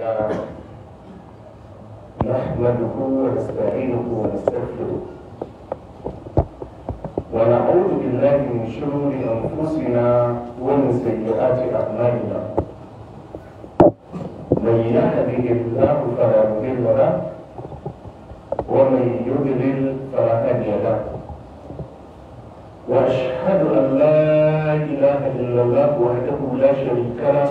نحمده ونستعينه ونستغفره ونعوذ بالله من شرور انفسنا ومن سيئات اعمالنا من يهده الله فلا مضل له ومن يضلل فلا هادي له واشهد ان لا اله الا الله وحده لا شريك له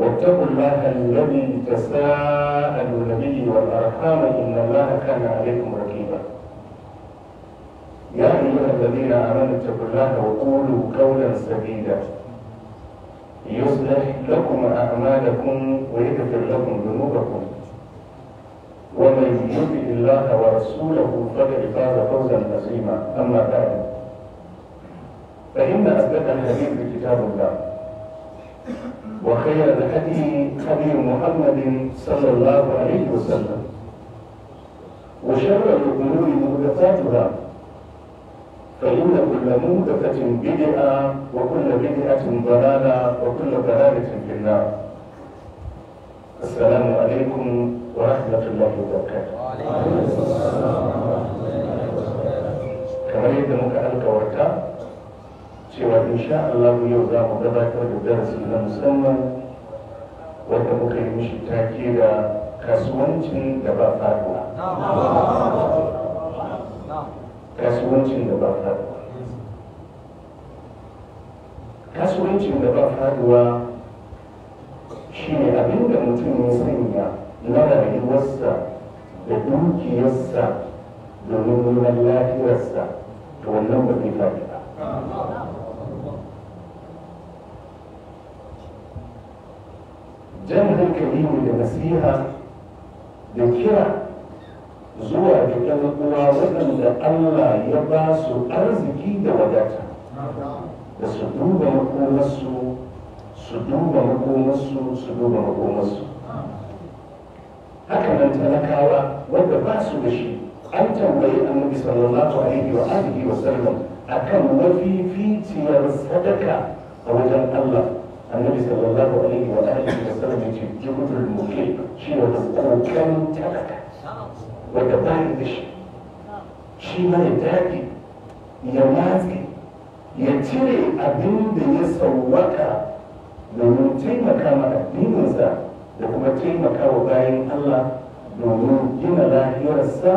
واتقوا الله الذي تساءلون به والارحام ان الله كان عليكم رقيبا. يا ايها الذين امنوا اتقوا الله وقولوا قولا سديدا يصلح لكم اعمالكم ويغفر لكم ذنوبكم ومن يطع الله ورسوله فقد فاز فوزا عظيما اما بعد فان اصدق الحديث كتاب الله وخير الهدي هدي محمد صلى الله عليه وسلم وشر الأمور محدثاتها فإن كل محدثة بدعة وكل بدعة ضلالة وكل ضلالة في النار السلام عليكم ورحمة الله وبركاته وعليكم السلام ورحمة الله وبركاته كما يدمك أنك ورتاب cewa insha Allah yau za mu gabatar da darasi na musamman wanda muka yi mishi take da kasuwancin da ba faruwa kasuwancin da ba faruwa kasuwancin da ba faruwa shi ne abinda mutum ya sanya na rayuwarsa da dukiyarsa domin neman lafiyarsa to wannan ba zai faɗi ba jan hankali ne da nasiha da kira zuwa ga ɗan uwa waɗanda Allah ya ba su arziki da wadata da su duba makomarsu su duba makomarsu su duba makomarsu haka nan talakawa wanda ba su da shi an tambayi annabi sallallahu alaihi wa alihi wa sallam akan mafificiyar sadaka a wajen Allah annabi sallallahu alaihi wa alihi wa sallam yace jibril muke shi ne kokarin talaka wanda ba ya da shi shi ma ya daɗi ya matse ya cire abin da ya sauwaka domin taimaka ma addininsa da kuma taimaka wa bayan Allah domin gina lahiyarsa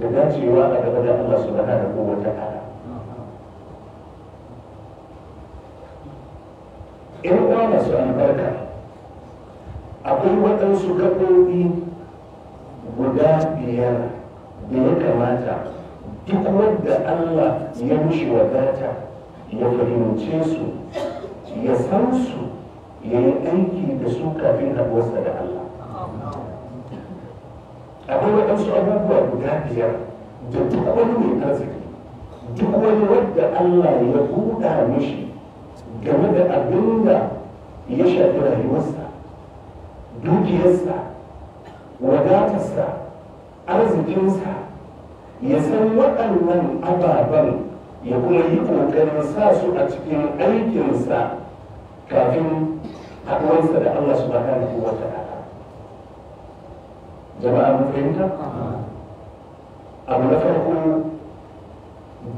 da dacewa a gaba da Allah subhanahu wa ta'ala yan uwa masu albarka akwai waɗansu gaɓoɓi guda biyar da ya kamata duk wanda allah ya mushi wadata ya fahimce su ya san su ya yi aiki da su kafin abuwarsa da allah akwai waɗansu abubuwa guda biyar da duk wani mai arziki duk wani wadda allah ya buɗa mishi game da abin da ya shafi rayuwarsa dukiyarsa wadatarsa arzikinsa ya san waɗannan ababen ya kuma yi ƙoƙarin sa su a cikin aikinsa kafin haɗuwarsa da Allah subhanahu wa ta'ala jama'a mun fahimta abu na farko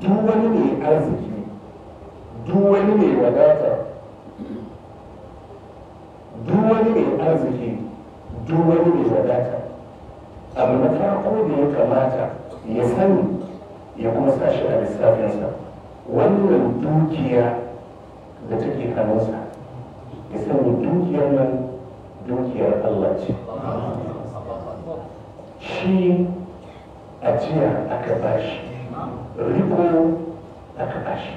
duk wani ne arziki duk wani mai wadata duk wani mai arziki duk wani mai wadata abu na farko da ya kamata ya sani ya kuma shi a lissafinsa wannan dukiya da take hannunsa ya sani dukiyar nan dukiyar Allah ce shi ajiya aka bashi riko aka bashi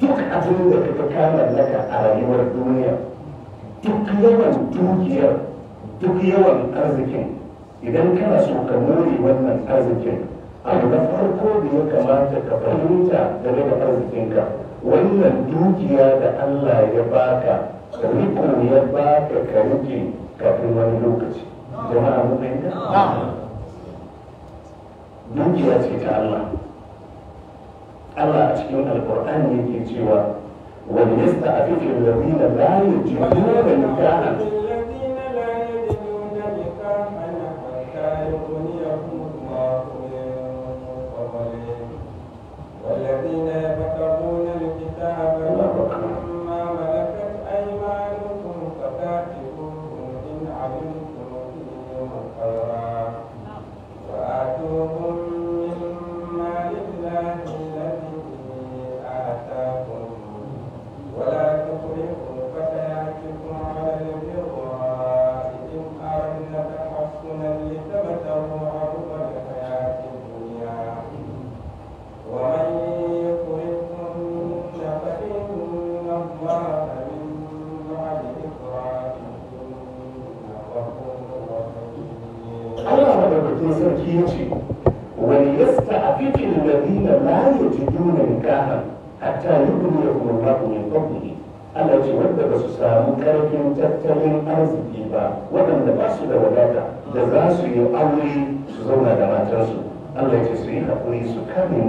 duk abin da ka kama naka a rayuwar duniya duk yawan dukiyar duk yawan arzikin idan kana so ka more wannan arzikin abu na farko da ya kamata ka fahimta game da arzikinka wannan dukiya da Allah ya baka riko ya baka ka rike kafin wani lokaci jama'a mu fahimta dukiya ce ta Allah Allah a cikin alkur'ani yake cewa wal yasta'fifu alladhina la yajiduna nikahan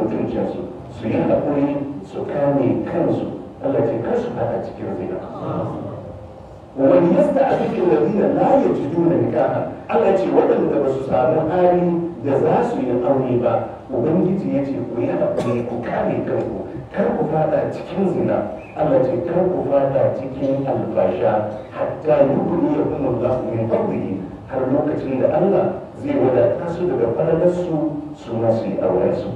zuciyarsu su yi haƙuri su kame kansu Allah ce kar su fada cikin zina wani yasta a cikin ladina da ya ji duna nikaha Allah ce waɗanda ba su samu hali da za su yi aure ba ubangiji ya ce ku yi haƙuri ku kame kanku kar ku fada cikin zina Allah ce kar ku fada cikin albasha hatta yubni ya kuma min fadlihi har lokacin da Allah zai wadata su daga falalarsu su masu yi su.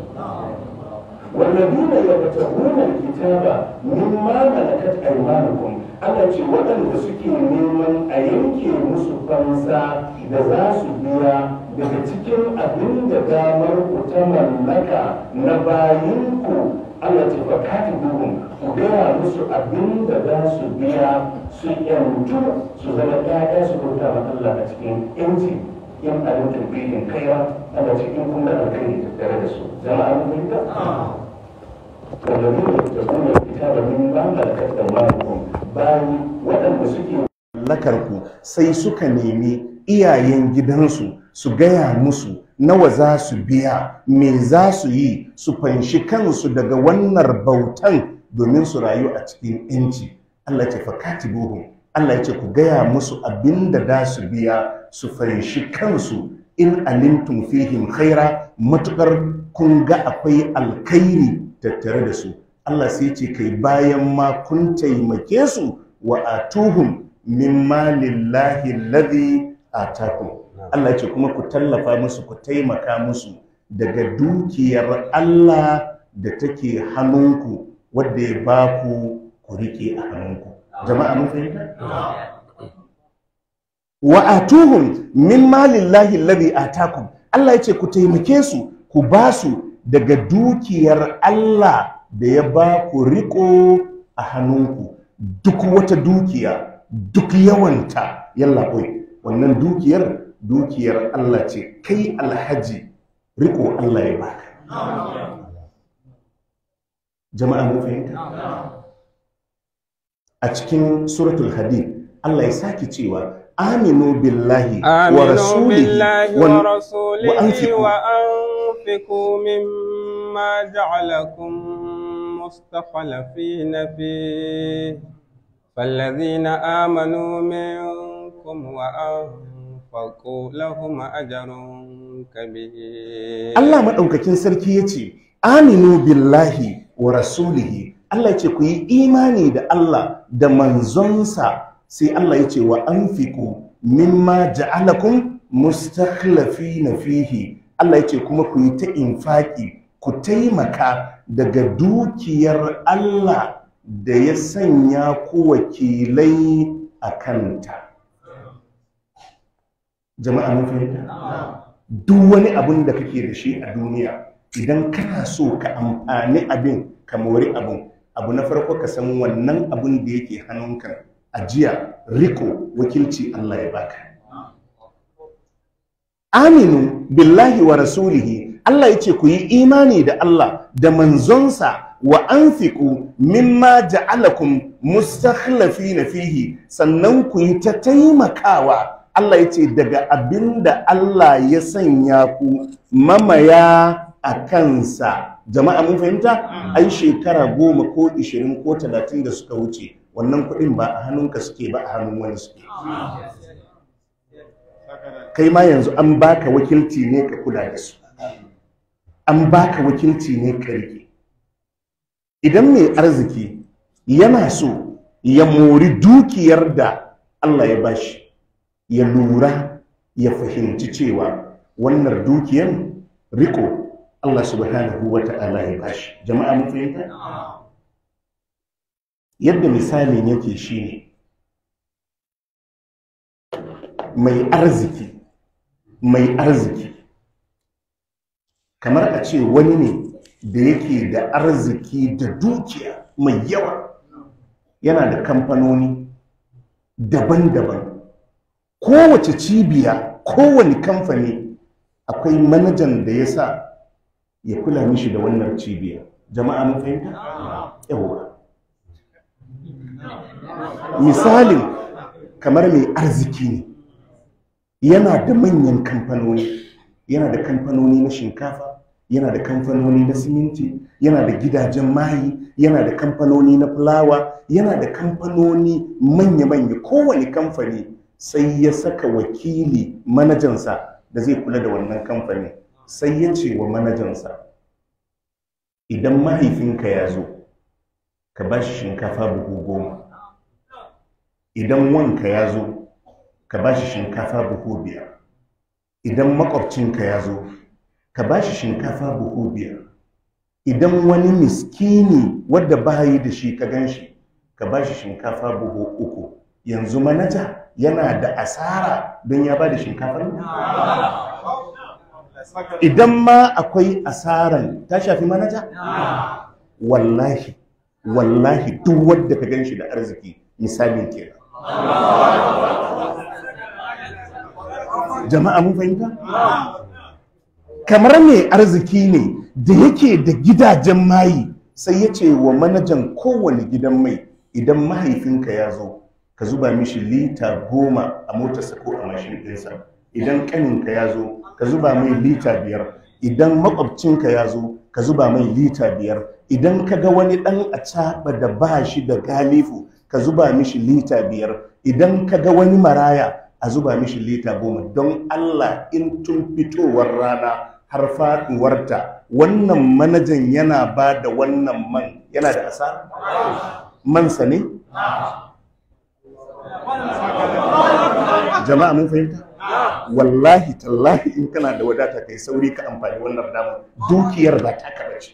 والذين يبتغون الكتاب مما ملكت أيمانكم Allah ce da suke neman a yanke musu fansa da za su biya daga cikin abin da damar ku ta mallaka na bayinku Allah ce fa kati bugun ku gaya musu abin da za su biya su yanzu su zama ɗaya su bauta ma Allah a cikin yanci in abin tambayin kaira Allah cikin in kun da alkhairi da tare da su zama abin da nufin da kuma da mun da bayan waɗanda suke lakarku sai suka nemi iyayen gidansu su gaya musu nawa za su biya me za su yi su fanshi kansu daga wannan bautan domin su rayu a cikin yanci Allah ce fakati buhu Allah ce ku gaya musu abin da za su biya su fanshi kansu in alimtum fihim khaira matuƙar kun ga akwai alkhairi tattare da su Allah sai ce kai bayan ma kun taimake su wa atuhum min malillahi alladhi taku. Allah ce kuma ku tallafa musu ku taimaka musu daga dukiyar Allah da take hannunku wadda ya ba ku ku rike a hannunku jama'a mun fahimta wa atuhum min malillahi alladhi taku. Allah ya ce ku taimake su ku ba su daga dukiyar Allah da ya ba ku riko a hannunku duk wata dukiya duk yawanta yalla koi wannan dukiyar dukiyar Allah ce kai alhaji riko Allah ya baka jama'a mu fahimta a cikin suratul hadid Allah ya saki cewa aminu billahi wa rasulihi wa anfiqu تنفقوا مما جعلكم مستخلفين فيه فالذين آمنوا منكم وأنفقوا لهم أجر كبير الله ما أوكاكين سركيتي آمنوا بالله ورسوله Allah ya ce ku yi imani da Allah da manzonsa sai Allah ya ce wa anfiku mimma ja'alakum mustakhlafina fihi Allah ya ce kuma ku yi ta infaki ku taimaka daga dukiyar Allah da ya sanya ku wakilai a kanta jama'a mun fahimta duk wani abin da kake da shi a duniya idan kana so ka amfani abin ka mori abin abu na farko ka san wannan abin da yake hannunka ajiya riko wakilci Allah ya baka aminu billahi wa rasulihi Allah yace ku yi imani da Allah da manzonsa wa anfiqu mimma ja'alakum mustakhlifina fihi sannan ku yi ta taimakawa Allah yace daga abinda Allah ya sanya ku mamaya a kansa jama'a mun fahimta ai shekara goma ko ishirin ko talatin da suka wuce wannan kuɗin ba a hannunka suke ba a hannun wani suke kai ma yanzu an baka wakilci ne ka kula da su an baka wakilci ne ka rike idan mai arziki yana so ya mori dukiyar da Allah ya bashi ya lura ya fahimci cewa wannan dukiyar riko Allah subhanahu wa ta'ala ya bashi jama'a mun fahimta yadda misalin yake shine mai arziki mai arziki kamar a ce wani ne da yake da arziki da dukiya mai yawa yana da kamfanoni daban-daban kowace cibiya kowane kamfani akwai manajan da ya sa ya kula mishi da wannan cibiya jama'a mun fahimta yawa misalin kamar mai arziki ne yana da manyan kamfanoni yana da kamfanoni na shinkafa yana da kamfanoni na siminti yana da gidajen mayi yana da kamfanoni na fulawa yana da kamfanoni manya-manya kowane kamfani sai ya saka wakili manajansa da zai kula da wannan kamfani sai ya ce wa manajansa idan mahaifinka ya zo ka ba shi shinkafa buhu goma idan wanka ya zo ka ba shi shinkafa buhu biyar idan makwabcinka ya zo ka ba shi shinkafa buhu biyar idan wani miskini wadda ba yi da shi ka gan shi ka ba shi shinkafa buhu uku yanzu manaja yana da asara don ya ba da shinkafa. idan ma akwai asaran ta shafi manaja wallahi wallahi duk wadda ka gan shi da arziki misalin kenan jama'a mun fahimta kamar mai arziki ne da yake da gidajen mayi sai ya ce wa manajan kowane gidan mai idan mahaifinka ya zo ka zuba mishi lita goma a motarsa ko a mashin ɗinsa idan ƙaninka ya zo ka zuba mai lita biyar idan makwabcinka ya zo ka zuba mai lita biyar idan ka ga wani ɗan a caɓa da ba shi da galifu ka zuba mishi lita biyar idan ka ga wani maraya a zuba mishi lita goma don Allah in tun fitowar rana har faɗuwarta wannan manajan yana ba da wannan man yana da asara? mansa ne? jama'a mun fahimta? wallahi tallahi in kana da wadata kai sauri ka amfani wannan damar dukiyar ba ta ka bace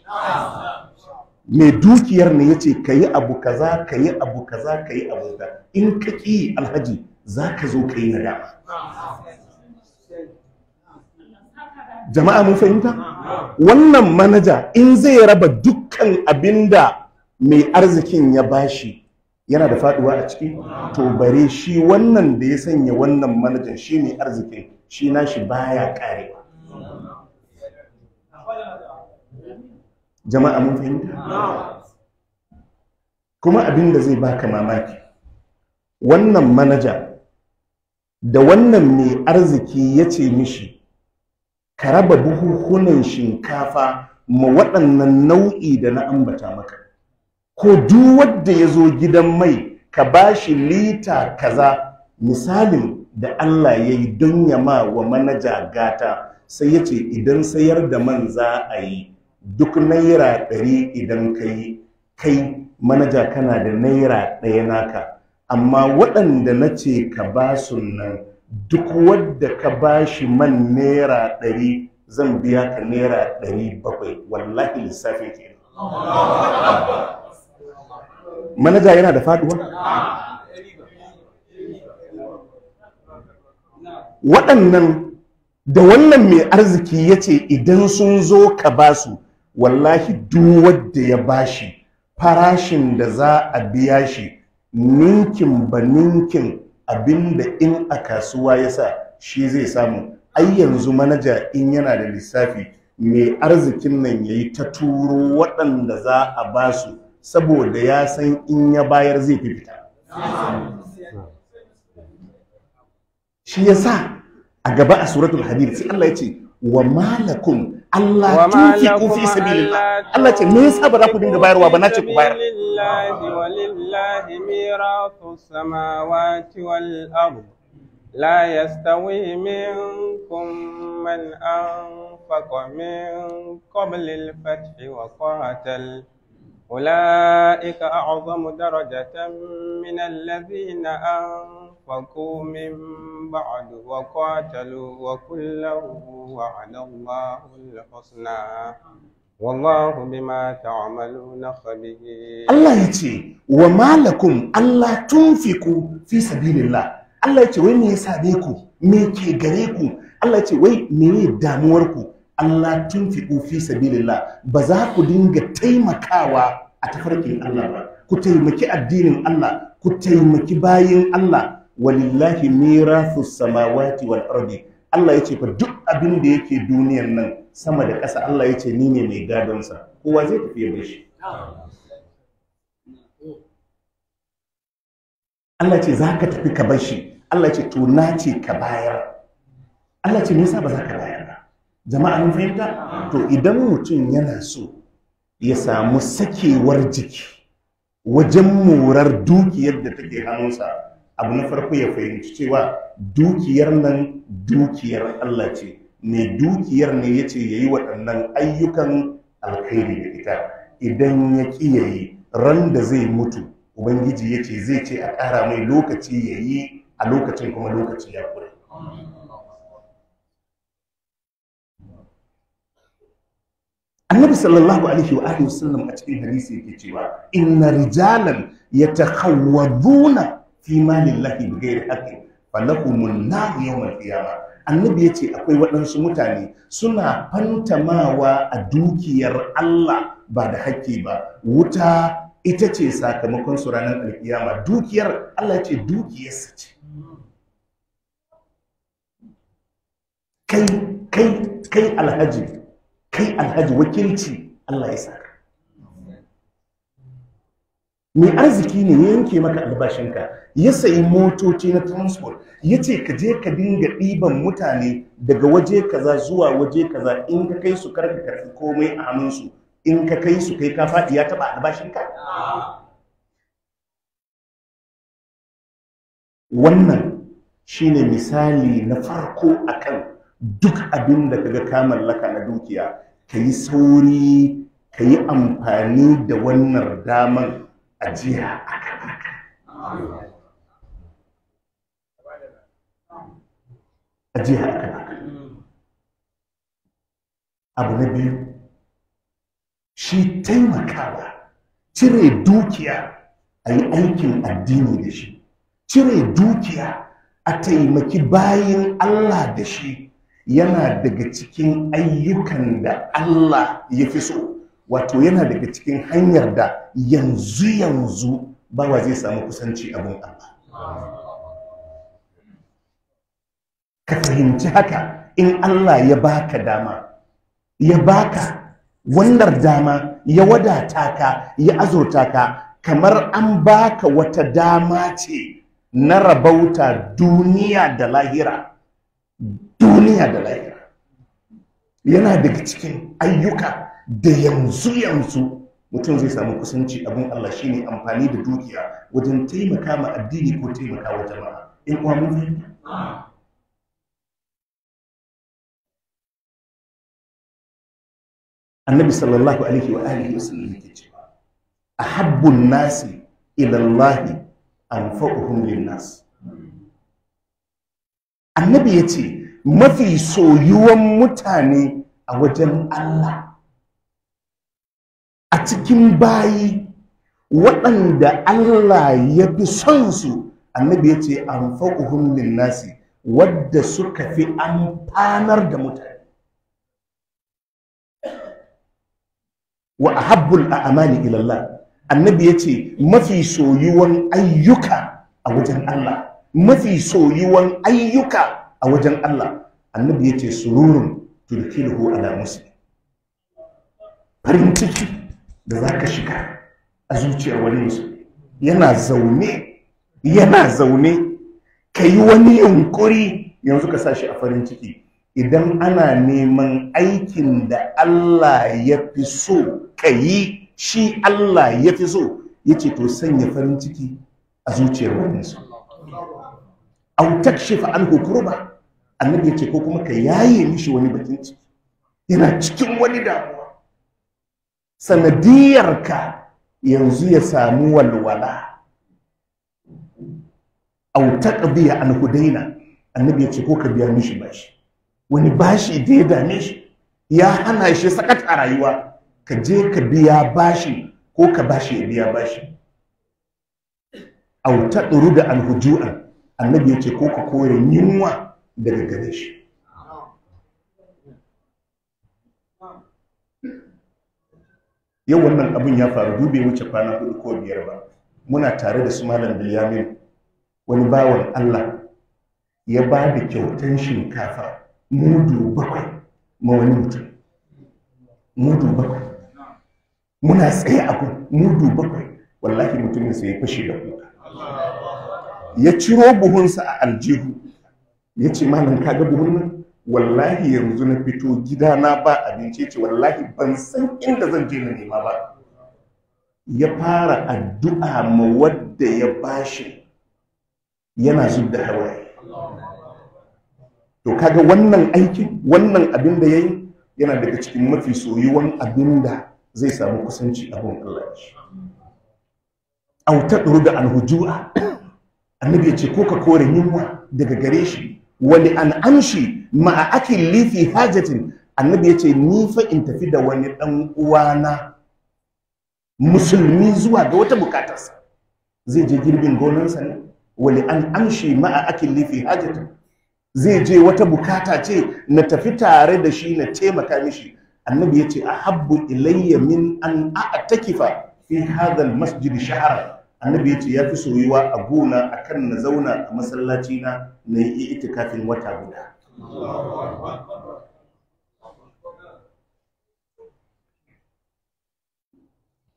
mai dukiyar ne ya ce ka yi abu kaza yi abu kaza yi abu kaza in ka ki alhaji za ka zo ka yi nadama jama'a mun fahimta wannan manaja in zai raba dukkan abinda mai arzikin ya bashi yana da faduwa a ciki to bare shi wannan da ya sanya wannan manajan shi mai arzikin shi nashi baya kare jama'a mun fahimta kuma abinda zai baka mamaki wannan manaja da wannan mai arziki ya ce mishi ka raba buhuhunan shinkafa ma waɗannan nau'i da na ambata maka ko duk wanda ya zo gidan mai ka ba shi lita kaza misalin da Allah ya yi don ya ma wa manaja gata sai ya ce idan sayar da man za a yi duk naira ɗari idan ka yi kai manaja kana da naira ɗaya naka amma waɗanda na ce ka ba su nan duk wadda ka ba shi man naira ɗari zan biya ka naira ɗari bakwai wallahi lissafi ke manaja yana da faduwa waɗannan da wannan mai arziki ya ce idan sun zo ka ba su wallahi duk wadda ya ba shi farashin da za a biya shi ninkin ba ninkin abinda in a kasuwa ya sa shi zai samu ai yanzu manaja in yana da lissafi mai arzikin nan ya yi ta turo waɗanda za a ba su saboda ya san in ya bayar zai fi fita shi ya sa a gaba a suratul hadir sai Allah ya ce wa malakun. Allah tunfiqu fi sabilillah Allah ce me yasa ba za ku dinga bayarwa ba nace ku bayar walillahi mirathu samawati wal ard la yastawi minkum man anfaqa min al fath wa qatal أولئك أعظم درجة من الذين أنفقوا أنفقوا من بعد wa malakun وعد الله الحسنى والله بما تعملون خبير Allah ya ce wai me ya same ku me ke gare ku Allah ya ce wai me damuwar ku Allah tun fi fi sabilillah ba za ku dinga taimakawa a tafarkin Allah ba ku taimaki addinin Allah ku taimaki bayan Allah walillahi mirathu samawati wal ardi Allah yace fa duk abin da yake duniyar nan sama da ƙasa Allah yace ni ne mai gadon sa kowa zai tafi bai shi Allah ce zaka tafi ka bashi Allah ce to na ce ka bayar Allah ce me yasa ba za ka bayar ba jama'a mun fahimta to idan mutum yana so ya samu sakewar jiki wajen morar dukiyar da take hannunsa abu na farko ya fahimci cewa dukiyar nan dukiyar Allah ce mai dukiyar ne ya ce ya yi waɗannan ayyukan alkhairi da ita idan ya ƙi ya yi ran da zai mutu ubangiji ya ce zai ce a ƙara mai lokaci ya yi a lokacin kuma lokaci ya kure annabi sallallahu alaihi wa alihi wasallam a cikin hadisi yake cewa inna rijalan yatakhawwaduna fi malin lahi da gairi mun falakumul nar yawmal qiyamah annabi ya ce akwai waɗansu mutane suna fantamawa a dukiyar Allah ba da haƙƙi ba wuta ita ce sakamakon su ranar alkiyama dukiyar Allah ce su ce kai alhaji wakilci Allah ya saka mai arziki ne ya yanke maka albashinka ya sayi motoci na transport ya ce ka je ka dinga ɗiban mutane daga waje kaza zuwa waje kaza in ka kai su karka karfi komai a hannunsu in ka kai su kai ka faɗi ya taɓa albashinka wannan shine misali na farko akan duk abin da kaga ka mallaka na dukiya ka yi sauri ka yi amfani da wannan daman ajiya a kanaka, abu na biyu shi taimakawa cire dukiya a yi aikin addini da shi cire dukiya a taimaki bayan Allah da shi yana daga cikin ayyukan da Allah ya fi so wato yana daga cikin hanyar da yanzu yanzu bawa zai samu kusanci abin Allah ka fahimci haka in Allah ya baka dama ya baka wannan dama ya wadata ka ya azurta ka kamar an baka wata dama ce na rabauta duniya da lahira duniya da lahira yana daga cikin ayyuka da yanzu yanzu mutum zai samu kusanci abin Allah shine amfani da dukiya wajen taimaka ma addini ko taimaka wa jama'a in kuma mun fahimta annabi sallallahu alaihi wa alihi sallam yake cewa ahabbun nasi ila Allah anfa'uhum nas annabi yace mafi soyuwan mutane a wajen Allah cikin bayi waɗanda Allah ya fi son su annabi ya ce an faƙuhun linnasi wadda suka fi amfanar da mutane wa a habbul ilallah annabi ya ce mafi soyuwan ayyuka a wajen Allah mafi soyuwan ayyuka a wajen Allah annabi ya ce sururun turkilhu ala muslim farin ciki da za ka shiga a zuciyar wani musu, yana zaune yana zaune ka yi wani yunkuri yanzu ka sa shi a farin ciki idan ana neman aikin da Allah ya fi so ka yi shi Allah ya fi so ya ce to sanya farin ciki a zuciyar wani su au fa an ba, annabi ya ce ko kuma ka yaye mishi wani bakin ciki yana cikin wani damuwa sanadiyarka yanzu ya samu walwala wuta ƙabiya an hudaina annabi ya ce ko ka biya mishi bashi wani bashi da ya dame shi ya hana shi sakat a rayuwa ka je ka biya bashi ko ka bashi ya biya bashi wuta ɗuru da hujuan annabi ya ce ko ka kore yunwa daga gare shi yau wannan abin ya faru dube wuce kwana hudu ko biyar ba muna tare da su malam bilyamin wani bawan allah ya ba da kyautan shinkafa mudu bakwai ma wani mutum mudu bakwai muna tsaye a kun mudu bakwai wallahi mutumin sai ya fashe da kuka ya ciro buhunsa a aljihu ya ce malam kaga buhun nan wallahi yanzu na fito gidana ba abinci ce wallahi ban san inda zan je na nema ba ya fara addu'a ma wadda ya bashi yana zub da hawaye to kaga wannan aikin wannan abin da yayi yana daga cikin mafi soyuwan abin da zai samu kusanci abin Allah autaɗuru da alhujua annabi ya ce ko ka kore yunwa daga gare shi wani an amshi ma'a ake lifi hajjatin annabi ya ce ni fa in tafi da wani ɗan uwana musulmi zuwa ga wata bukatarsa zai je girbin gonansa ne wali an amshi a ake lifi hajjatin zai je wata bukata ce na tafi tare da shi na taimaka mishi annabi ya ce a habbu ilayya min an a'takifa fi hadal masjid shahara annabi ya ce ya fi soyuwa a gona akan na zauna a masallaci na na yi itikafin wata guda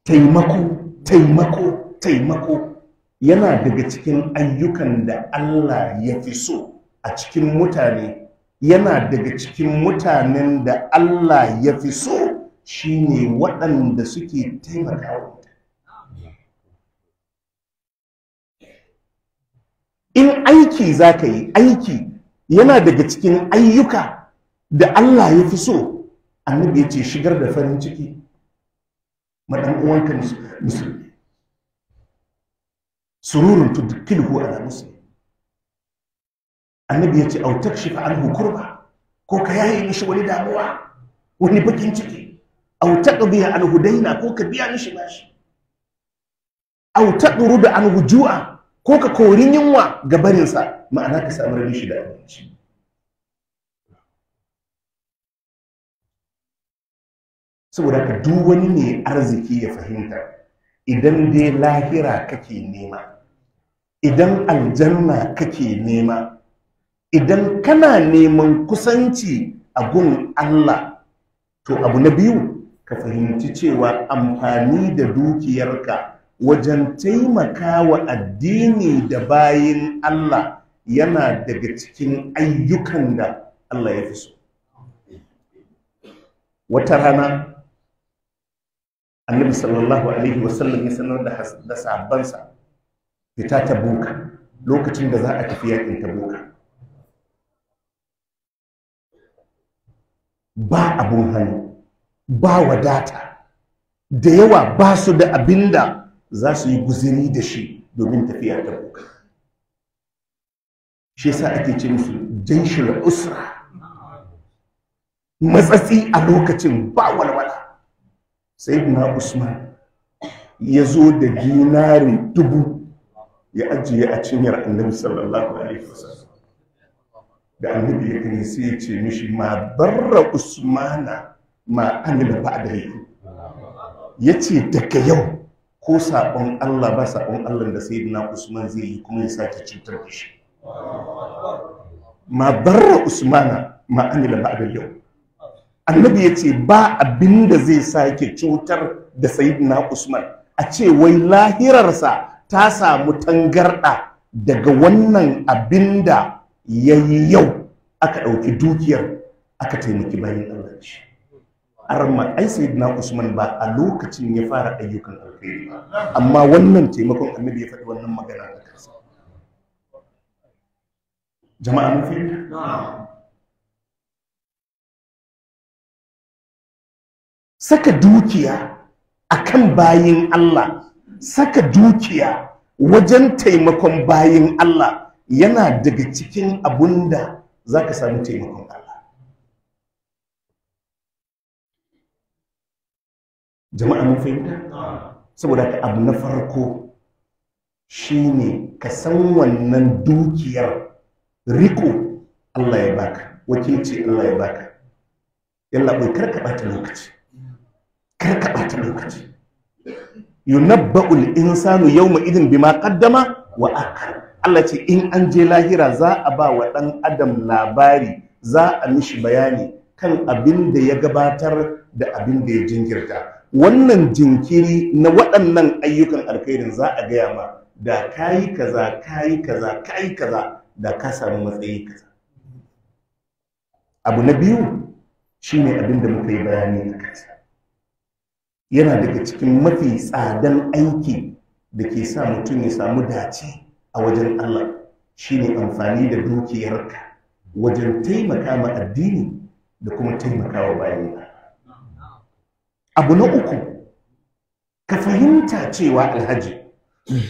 taimako taimako taimako yana daga cikin ayyukan da Allah ya fi so a cikin mutane yana daga cikin mutanen da Allah ya fi so shine waɗanda suke taimakawa in aiki za ka yi aiki yana daga cikin ayyuka da Allah ya fi so annabi ya ce shigar da farin ciki madan dan uwanka musulmi sururun tudkilhu ala muslim annabi ya ce au takshifa anhu kurba ko ka yaye mishi wani damuwa wani bakin ciki au taqdiya anhu daina ko ka biya mishi bashi au taqrudu anhu ju'a ko ka kori yunwa ga barinsa ma'ana ka samar shi da abinci saboda ka duk wani ne arziki ya fahimta idan dai lahira kake nema idan aljanna kake nema idan kana neman kusanci a gun Allah to abu na biyu ka fahimci cewa amfani da dukiyarka wajen taimaka wa addini da bayin Allah yana daga cikin ayyukan da Allah ya fi so wata rana annabi sallallahu alaihi wasallam ya sanar da sabansa fita ta buka lokacin da za a tafi yakin ta buka ba abun hannu ba wadata da yawa ba su da abinda za su yi guziri da shi domin tafiya ta buka shi yasa ake ce musu janshin usra matsatsi a lokacin ba walwala sayyidina usman ya zo da dinari dubu ya ajiye a cinyar annabi sallallahu alaihi da annabi ya gani sai ya ce mishi ma barra usmana ma amila ba'da yi ya ce daga yau ko saɓon Allah ba saɓon Allah da sayyidina Usman zai yi kuma ya sake cutar da shi ma barra Usmana ma an da ba'adar yau annabi ya ce ba abin da zai sake cutar da sayyidina Usman a ce wai lahirarsa ta samu tangarɗa daga wannan abin da ya yi yau aka ɗauki dukiyar aka taimaki bayan Allah shi arma ai sayyidina usman ba a lokacin ya fara ayyukan alkhairi ba amma wannan taimakon annabi ya faɗi wannan magana da kansa jama'a mun fi saka dukiya akan bayin Allah saka dukiya wajen taimakon bayin Allah yana daga cikin abunda zaka samu taimakon Allah jama'a mun fahimta ah. saboda abu na farko shine ka san wannan dukiyar riko Allah ya baka wakilci Allah ya baka yalla bai karka bata lokaci karka bata lokaci yunabba'ul insanu yawma idin bima qaddama wa akhar Allah ce in an je lahira za a ba wa dan adam labari za a mishi bayani kan abin da ya gabatar da abin da ya jingirta wannan jinkiri na waɗannan ayyukan alkhairin za a gaya ma da kayi kaza kayi kaza kayi kaza da ka samu matsayi kaza abu na biyu shine abin da muka yi bayani a kansa yana daga cikin mafi tsadan aiki da ke sa mutum ya samu dace a wajen Allah shine amfani da dukiyarka wajen taimaka ma addini da kuma taimaka wa bayan abu na uku ka fahimta cewa alhaji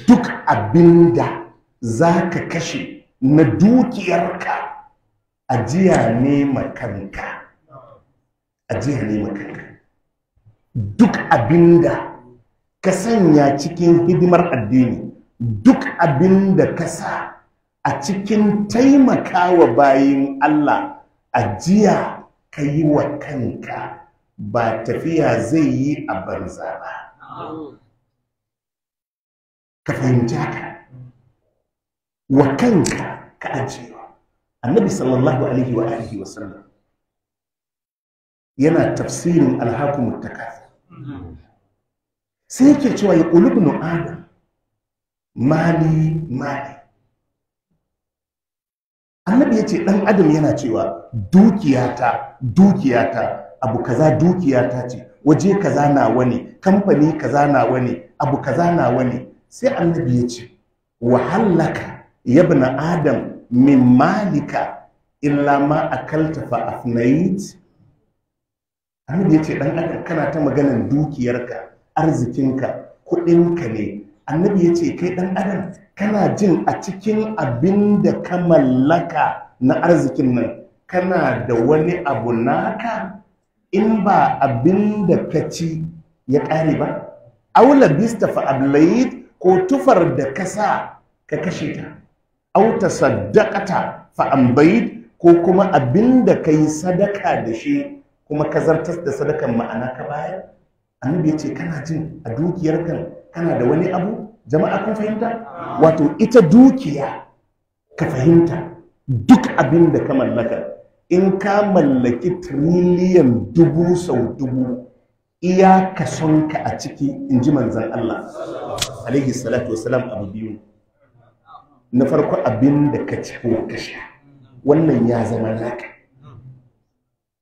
duk abinda za ka kashe na dukiyarka ajiya ne makanka ajiya ne makanka duk abinda ka sanya cikin hidimar addini duk abinda ka sa a cikin taimakawa bayin Allah ajiya ka yi wa kanka ba tafiya zai yi a banza ba ka fahimci haka wa kanka ka ajiyewa annabi sallallahu alaihi wa alihi wa sallam yana tafsirin alhakumut takasir sai yake cewa ya adam mali mali annabi ya ce ɗan adam yana cewa dukiyata dukiyata abu kaza dukiya ta ce waje kaza na wani, kamfani kaza na wani, abu kaza na wani. sai annabi ya ce wahallaka yabna adam min malika illa ma akalta fa afnait annabi ya ce dan adam kana ta maganan dukiyarka arzikinka kuɗinka ne annabi ya ce kai dan adam kana jin a cikin abin da ka mallaka na arzikin nan kana da wani abu naka in ba abin da ka ya ƙare ba aula bista fa'ablayit ko tufar da ka sa ka kashe ta auta fa fa'ambayit ko kuma abin da ka yi sadaka da shi kuma ka zartas da sadakan ma'ana ka bayar annabi ya ce kana jin a dukiyar kan kana da wani abu jama'a kun fahimta wato ita dukiya ka fahimta duk abin da ka mallaka in ka mallaki tiriliyan dubu sau dubu iya ka a ciki in ji manzan Allah alaihi salatu wasalam abu biyu na farko abin da ka ci ko ka wannan ya zama naka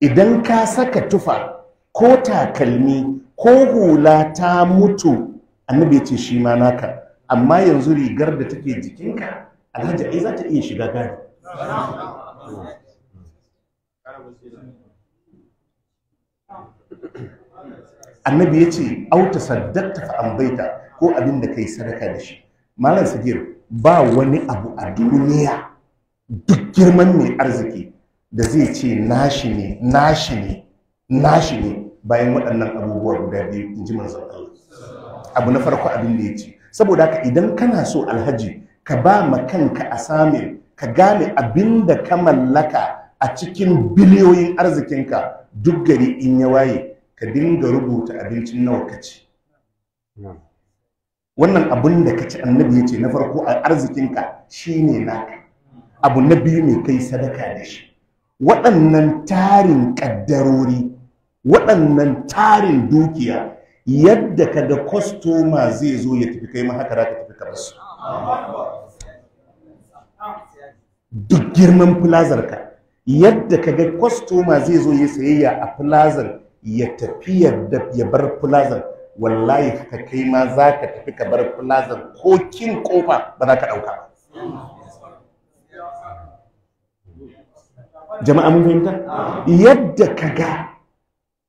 idan ka saka tufa ko takalmi ko hula ta mutu annabi ya ce shi ma naka amma yanzu rigar da take jikinka alhaji ai za ta iya shiga gari annabi ya ce auta saddakta fa ambaita ko abin da kai sadaka da shi malam sagir ba wani abu a duniya duk girman mai arziki da zai ce nashi ne nashi ne nashi ne bayan waɗannan abubuwa guda biyu in ji manzon Allah abu na farko abin da ya ce saboda haka idan kana so alhaji ka ba ma kanka asamin ka gane abin da ka mallaka a cikin biliyoyin arzikinka duk gari in ya waye ka dinga rubuta abincin nawa ka ci wannan abun da ka ci annabi ya ce na farko a arzikinka shine naka abu na biyu mai kai sadaka da shi waɗannan tarin ƙaddarori waɗannan tarin dukiya yadda ka da kwastoma zai zo ya tafi kai haka za ka tafi ka basu duk girman filazarka yadda kaga ga kwastoma zai zo ya sayayya a plazar ya tafi ya bar plazar wallahi ka kai ma za ka tafi ka bar plazar ko kin kofa ba za ka ɗauka ba jama'a mun fahimta yadda ka ga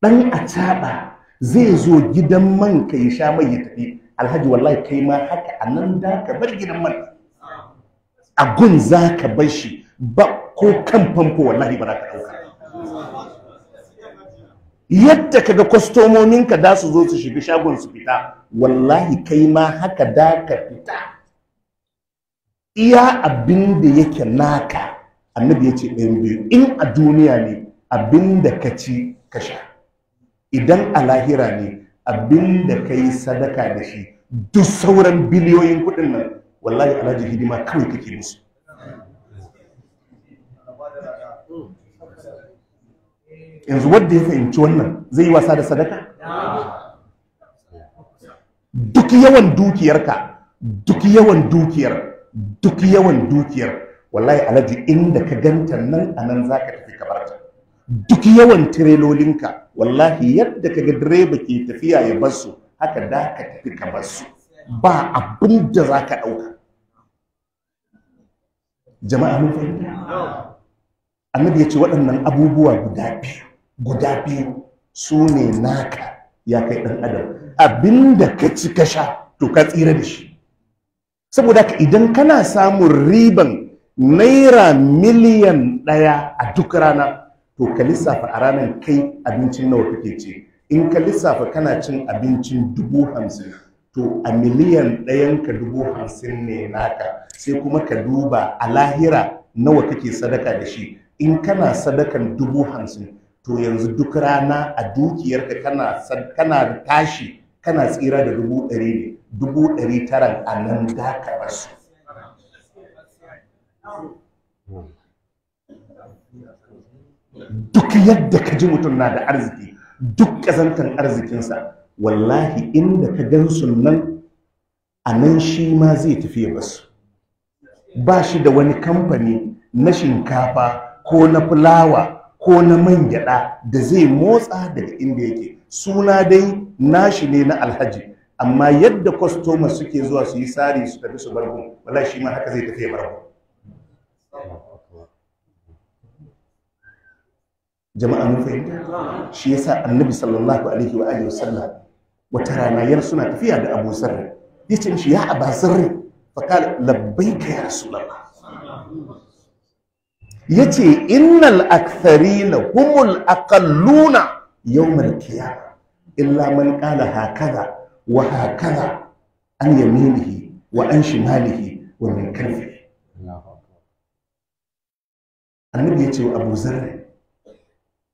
ɗan a caɓa zai zo gidan man ka ya sha mai ya tafi alhaji wallahi kai ma haka a nan da ka bar gidan man a gun za ka bar shi ba ko kan famfo wallahi ba za ka ɗauka yadda kaga kwastomominka da su zo su shiga shagon su fita wallahi kai ma haka da ka fita iya abin da yake naka annabi ya ce ɗayan biyu in a duniya ne abin da ka ci ka sha idan a lahira ne abin da ka yi sadaka da shi duk sauran biliyoyin kuɗin nan wallahi alhaji hidima kawai kake musu yanzu wadda ya fahimci wannan zai yi wasa da sadaka duk yawan dukiyarka duk yawan dukiyar duk yawan dukiyar wallahi alhaji inda ka ganta nan a nan za ka tafi kamar ta duk yawan tirelolinka wallahi yadda ka ga direba ke tafiya ya bar haka da ka tafi ka su ba abin da za ka ɗauka jama'a mun annabi ya ce waɗannan abubuwa guda biyu guda biyu su ne naka ya kai ɗan adam abinda ka ci ka sha to ka tsira da shi saboda ka idan kana samun riban naira miliyan ɗaya a duk rana to ka lissafa a ranar kai abincin nawa kake ce in ka lissafa kana cin abincin dubu hamsin to a miliyan ɗayan ka dubu hamsin ne naka sai kuma ka duba a lahira nawa kake sadaka da shi in kana sadakan dubu hamsin to yanzu duk rana a dukiyarka kana kana tashi kana tsira da dubu ɗari dubu ɗari tara a nan da ka basu duk yadda ka ji mutum na da arziki duk ƙazantar arzikinsa wallahi inda ka gan sunan a nan shi ma zai tafiya basu ba shi da wani kamfani na shinkafa ko na fulawa ko na mangyada da zai motsa daga inda yake suna dai nashi ne na alhaji amma yadda kwastoma suke zuwa su yi tsari su tafi su barbu wala shi ma haka zai tafi ya jama'a mun fahimta shi yasa annabi sallallahu alaihi wa alihi wasallam wata rana yar suna tafiya da Abu Sarri yace mishi ya Abu Sarri fa kala labbaika ya rasulullah yace innal aktharina humul aqalluna yau qiyamah illa man kala hakaza wa hakaza an yaminihi wa an shimalihi wa min kalfihi annabi yace wa Abu Zarr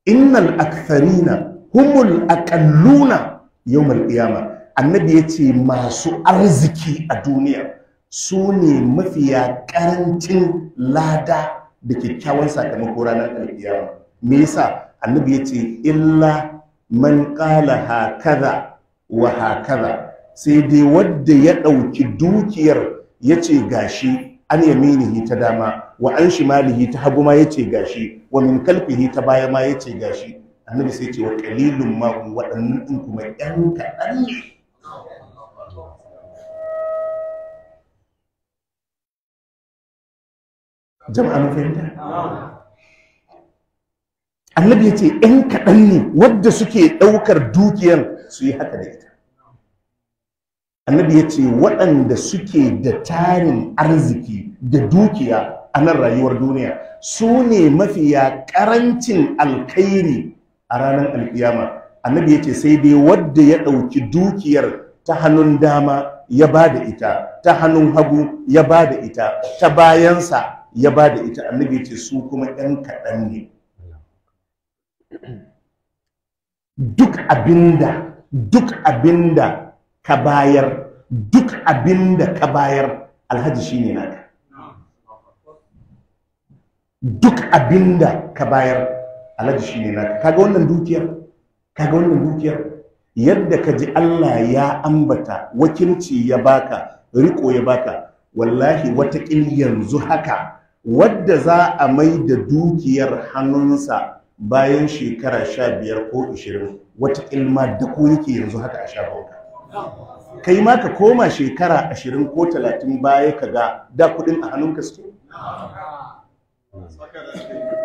innal aksarina humul aqalluna yawmal qiyamah annabi yace masu arziki a duniya su ne mafiya karancin lada da kyakkyawan sakamako ranar alkiyama me yasa annabi ya ce illa man qala hakaza wa hakaza sai dai wanda ya ɗauki dukiyar ya yace gashi an yaminihi ta dama wa an shimalihi ta hagu ma ya ce gashi wa min kalfihi ta baya ma ya ce gashi annabi sai ce wa kalilun ma waɗannan ɗin kuma ƴan kaɗan ne jama'a mun fahimta annabi ya ce ‘yan kaɗan ne wadda suke ɗaukar dukiyar su yi haka da ita annabi ya ce waɗanda suke da tarin arziki da dukiya a nan rayuwar duniya su ne mafiya ƙarancin alkairi a ranar alƙiyama?' annabi ya ce sai dai wadda ya ɗauki dukiyar ta hannun dama ya ba da ita ta hannun hagu ya ba da ita ta bayansa ya ba da ita annabi ce su kuma ɗan kaɗan ne duk abinda duk abinda ka bayar duk abinda ka bayar alhaji shi ne naka duk abinda ka bayar alhaji shi ne naka kaga wannan dukiyar kaga wannan dukiyar yadda ka ji Allah ya ambata wakilci ya baka riko ya baka wallahi wataƙil yanzu haka wadda za a mai da dukiyar hannunsa bayan shekara sha biyar ko ishirin wata ilma da yake yanzu haka a sha bauta kai ma ka koma shekara ashirin ko talatin baya ka ga da kudin a hannunka suke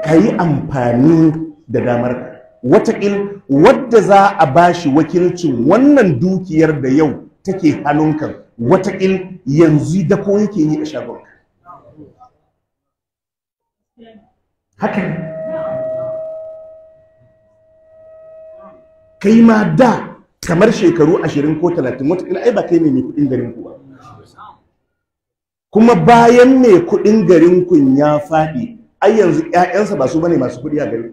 ka yi amfani da damar ka watakil wadda za a bashi wakilcin wannan dukiyar da yau take hannunka watakil yanzu da ko yake yi a shagonka haka ne kai ma da kamar shekaru ashirin ko talatin watakila ai ba kai ne mai kuɗin garin ku ba kuma bayan ne kuɗin garin ku ya faɗi ai yanzu ƴaƴansa ba su bane masu kuɗi a garin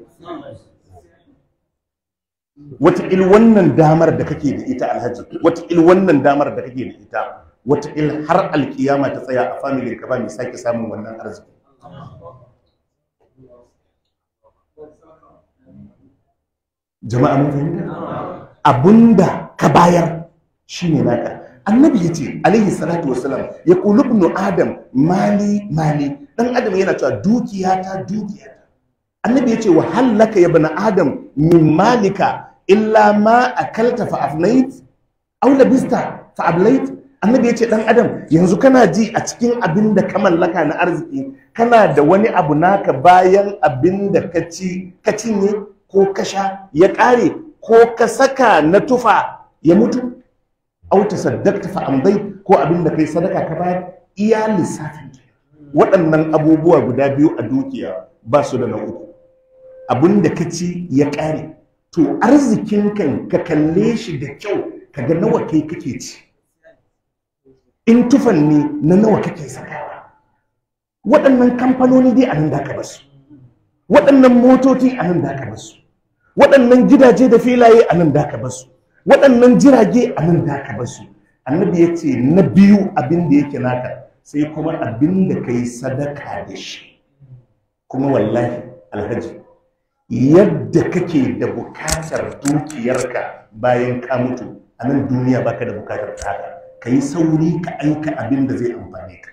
il wannan damar da kake da ita alhaji il wannan damar da kake da ita il har alkiyama ta tsaya a familin ka ba mai sake samun wannan arziki jama'a mun fahimta abunda ka bayar shine naka annabi yace alaihi salatu wassalam ya kulu ibnu adam mali mali dan adam yana cewa dukiya ta dukiya annabi yace wa halaka ya bana adam min malika illa ma akalta fa afnait aw labista fa ablait annabi yace dan adam yanzu kana ji a cikin abinda ka mallaka na arziki kana da wani abu naka bayan abin da ka ci ka cinye ko ka sha ya ƙare ko ka saka na tufa ya mutu Auta tasaddaqta fa amdai ko abin da kai sadaka ka bayar iya lissafin waɗannan abubuwa guda biyu a dukiya ba su da na uku abin da ka ci ya ƙare to arzikin kan ka kalle shi da kyau ka ga nawa kai kake ci in tufan ne na nawa kake sakawa waɗannan kamfanoni dai a nan da ka basu waɗannan motoci a nan da ka basu waɗannan gidaje da filaye a nan daka basu waɗannan jirage a nan daka basu annabi ya ce na biyu abin da yake naka sai kuma abin da ka yi sadaka da shi kuma wallahi alhaji yadda kake da bukatar dukiyarka bayan ka mutu a nan duniya baka da bukatar ta ka yi sauri ka aika abin da zai amfane ka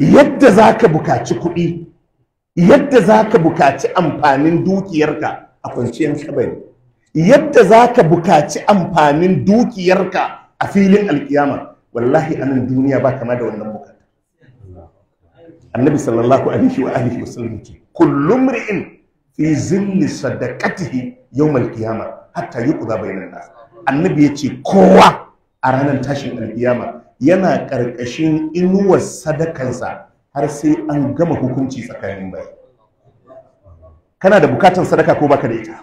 yadda za ka bukaci kuɗi yadda za ka bukaci amfanin dukiyarka a kwanciyar kabari yadda za ka bukaci amfanin dukiyarka a filin alkiyama wallahi anan duniya ba kama da wannan bukata annabi sallallahu alaihi wa alihi wa sallam ce kullum ri'in fi zilli sadaqatihi yawm alkiyama hatta yuqda bainan nas annabi yace kowa a ranar tashin alkiyama yana karkashin inuwar sadakansa har sai an gama hukunci tsakanin bai kana da bukatan sadaka ko baka da ita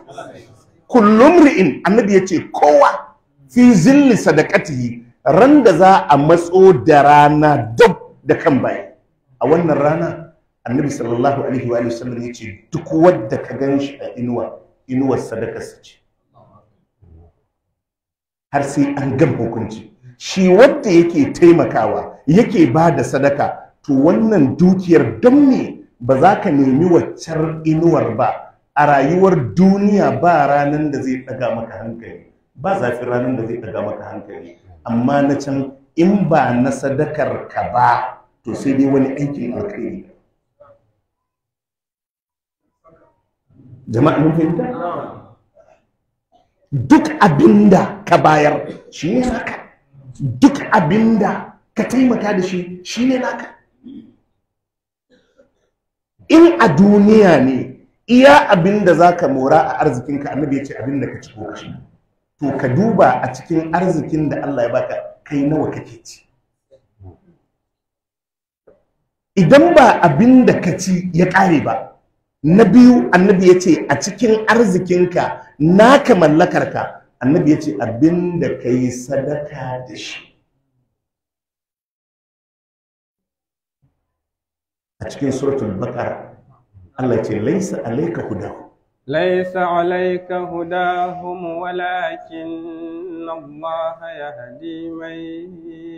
kullum ri'in annabi ya ce kowa fi zilli sadakatihi ran da za a matso da rana duk da kan baya a wannan rana annabi sallallahu alaihi wa sallam ya ce duk wadda ka gan shi a inuwa inuwar ce har sai an gama hukunci shi wanda yake taimakawa yake ba da sadaka to wannan dukiyar don me ba za ka nemi waccar inuwar ba a rayuwar duniya ba ranar da zai ɗaga maka hankali ba zafin ranar da zai ɗaga maka hankali amma na can in ba na sadakar ka ba to sai dai wani aikin alkhairi jama'a mun fahimta duk abinda ka bayar shi ne naka duk abinda ka taimaka da shi shi ne naka in a duniya ne iya abin da za ka mora a arzikinka annabi ya ce abin da ka ci ko kashi to ka duba a cikin arzikin da Allah ya baka kai nawa kake ci idan ba abin da ka ci ya ƙare ba na biyu annabi ya ce a cikin arzikinka naka mallakarka annabi ya ce abin da ka yi sadaka da shi a cikin suratul baqara Allah ce laisa alayka hudahu laisa alayka hudahum walakin Allah yahdi man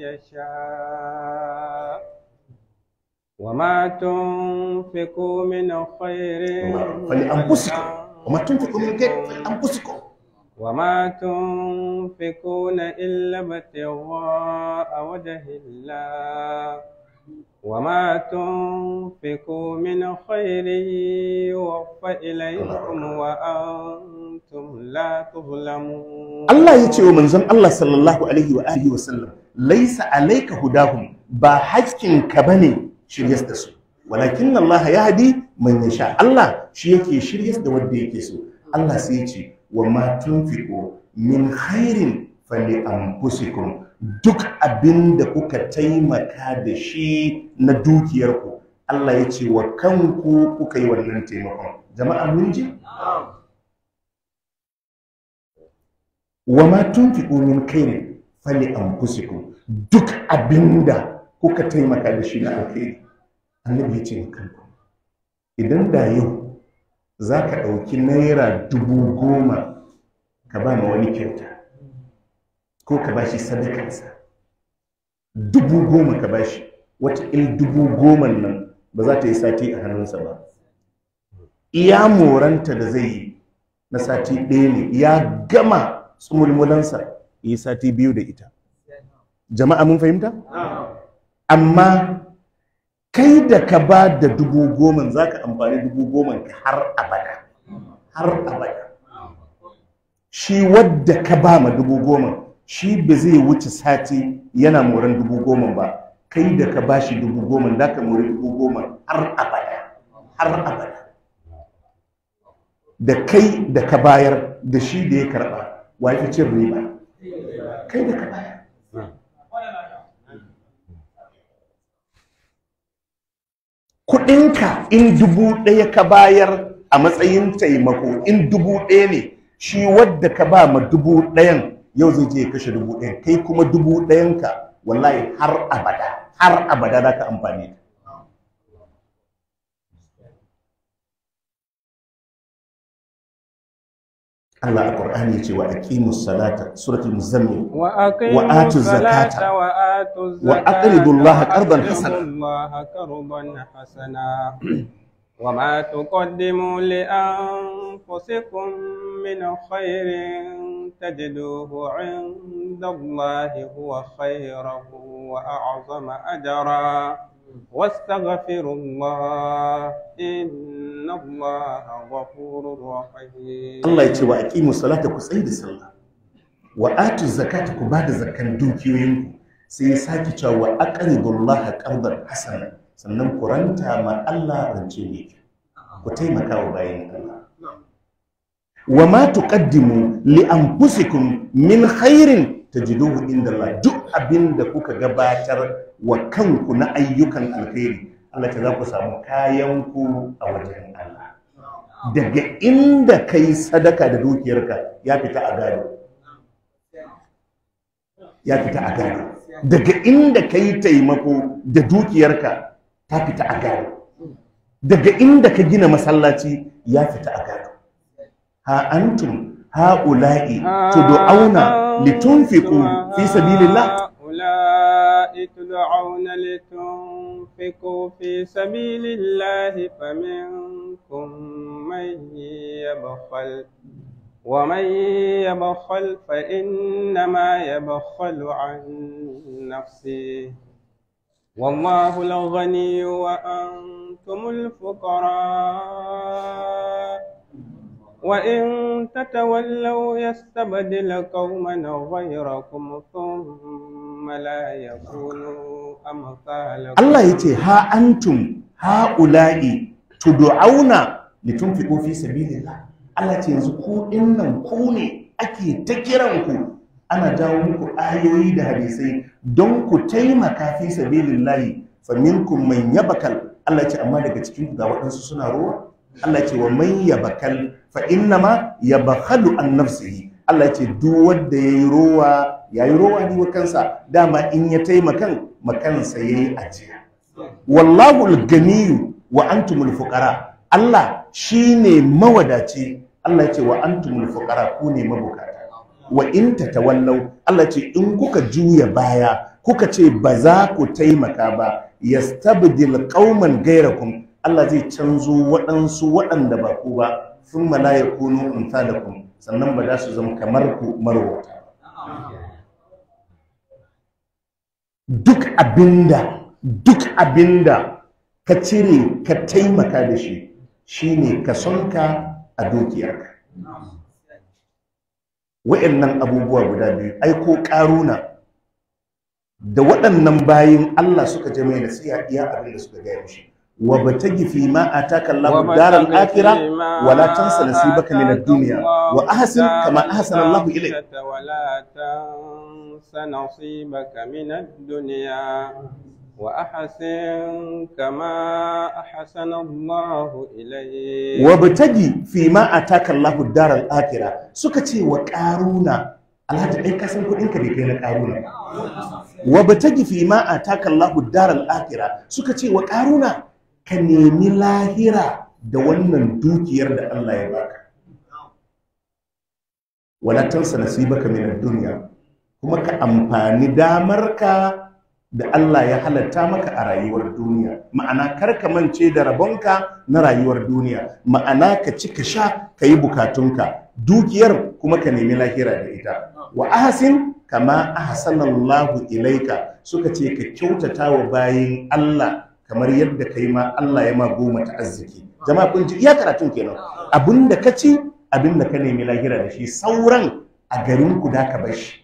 yasha وما تنفقوا من خير فلأنفسكم وما تنفقوا من خير فلأنفسكم وما تنفقون إلا ابتغاء وجه الله وما تنفقوا من خير يوفى إليكم وأنتم لا تظلمون الله يتيو من زم الله صلى الله عليه وآله وسلم ليس عليك هداهم بحجك كبني شريس دسو ولكن الله يهدي من يشاء الله شيكي شريس دود يكيسو الله سيتي وما تنفقوا من خير فلأنفسكم duk abin da kuka taimaka da shi na dukiyarku Allah ya ce wa kanku kuka yi wannan taimakon jama'a mun ji wa ma tunfiqu min khairin fali anfusikum duk abinda kuka taimaka da shi na alkhairi annabi ya ce wa kanku idan da yau za ka ɗauki naira dubu goma ka ba ma wani kyauta ko ka bashi sadakarsa dubu goma ka bashi wata il dubu goma nan ba za ta yi sati a hannunsa ba iya moranta da zai yi na sati ɗaya ne ya gama tsumulmulansa yi sati biyu da ita jama'a mun fahimta amma kai da ka ba da dubu goma za ka amfani dubu goma har abada har abada shi wadda ka ba ma dubu goma shi ba zai wuce sati yana moran dubu goma ba kai da ka ba shi dubu goma da ka mori dubu goma har abada har abada da kai da ka bayar da shi da ya karba wa ya cin riba kai da ka bayar kudinka in dubu ɗaya ka bayar a matsayin taimako in dubu ɗaya ne shi wadda ka ba ma dubu ɗayan yau zai je ya kashe dubu ɗaya kai kuma dubu ɗayanka wallahi har abada har abada za ka amfani Allah a Qur'ani ya ce wa aqimus salata surati muzammil wa atu zakata wa aqridu Allah qardan hasana wama tu kodi mu le an fose ta je do ho en dogma he huwa a ogo a jara wasta ga feru ma e nogma a wa furu do wa ce wa aki musala ta kusa yi salla wa a tu ba da zakar dukiyoyin sai ya sake cewa wa a kan yi gulla sannan ku ranta ma Allah rance ne ku taimaka wa bayan Allah wa ma tuqaddimu li anfusikum min khairin tajiduhu inda Allah duk abinda kuka gabatar wa kanku na ayyukan alkhairi Allah ta za ku samu kayan ku a wajen Allah daga inda kai sadaka da dukiyarka ya fita a gado ya fita a gado daga inda kai taimako da dukiyarka ta fita a gari daga inda ka gina masallaci ya fita a gari ha antum ha'ula'i tud'auna litunfiqu fi sabilillah ha'ula'i tud'auna fi sabilillah man yabkhal ومن يبخل فإنما يبخل عن نفسه والله الغني وأنتم الفقراء وإن تتولوا يستبدل قوما غيركم ثم لا يكونوا أمثالكم الله يتي ها أنتم هؤلاء تدعون لتنفقوا في سبيل الله Allah ce yanzu ku ɗin nan ku ne ake ta kiranku ana jawo muku ayoyi da hadisai don ku taimaka fi sabilillahi fa minkum man yabakal Allah ce amma daga cikin ga waɗansu suna ruwa Allah ce wa man yabakal fa inna ma yabakhalu an nafsihi Allah ce duk wanda yayi ruwa yayi ruwa ne wa kansa dama in ya taimakan makansa yayi ajiya wallahu al-ganiyyu wa antumul fuqara Allah shine mawadaci Allah ce wa antumul fuqara ku ne mabukata wa in tatawallau Allah ce in kuka juya baya kuka ce ba za ku taimaka ba ya yastabdil qauman gairakum Allah zai canzo waɗansu waɗanda ba ku ba sun mala ya kunu amsalakum sannan ba za su zama kamar ku marwata duk abinda duk abinda ka cire ka taimaka da shi shine ka sonka a dukiyarka wa'annan abubuwa guda biyu aiko karuna da waɗannan bayin Allah suka je mai nasiha iya abin da suka gaya mishi wa ta fi ma ataka Allahu daral akhirah wa la tansa nasibaka min ad-dunya wa ahsin kama ahsana Allahu ilayk wa la tansa nasibaka min ad-dunya وأحسن كما أحسن الله إليك وابتغي فيما أتاك Akira suka ce wa وكارونا alhaji ɗan ka san kuɗinka bai kai na ƙaruna wa batagi fi ma ataka Allahu suka ce wa ƙaruna ka nemi lahira da wannan dukiyar da Allah ya baka wala nasi baka min ad kuma ka amfani damar ka. da Allah ya halatta maka a rayuwar duniya ma'ana kar ka mance da rabonka na rayuwar duniya ma'ana ka ci ka sha ka yi bukatunka dukiyar kuma ka nemi lahira da ita wa ahsin kama ahsanallahu ilaika suka ce ka kyautata wa bayin Allah kamar yadda kai ma Allah ya ma goma ta arziki jama'a kun ji iya karatun kenan abinda ka ci abinda ka nemi lahira da shi sauran a garin ku da ka bar shi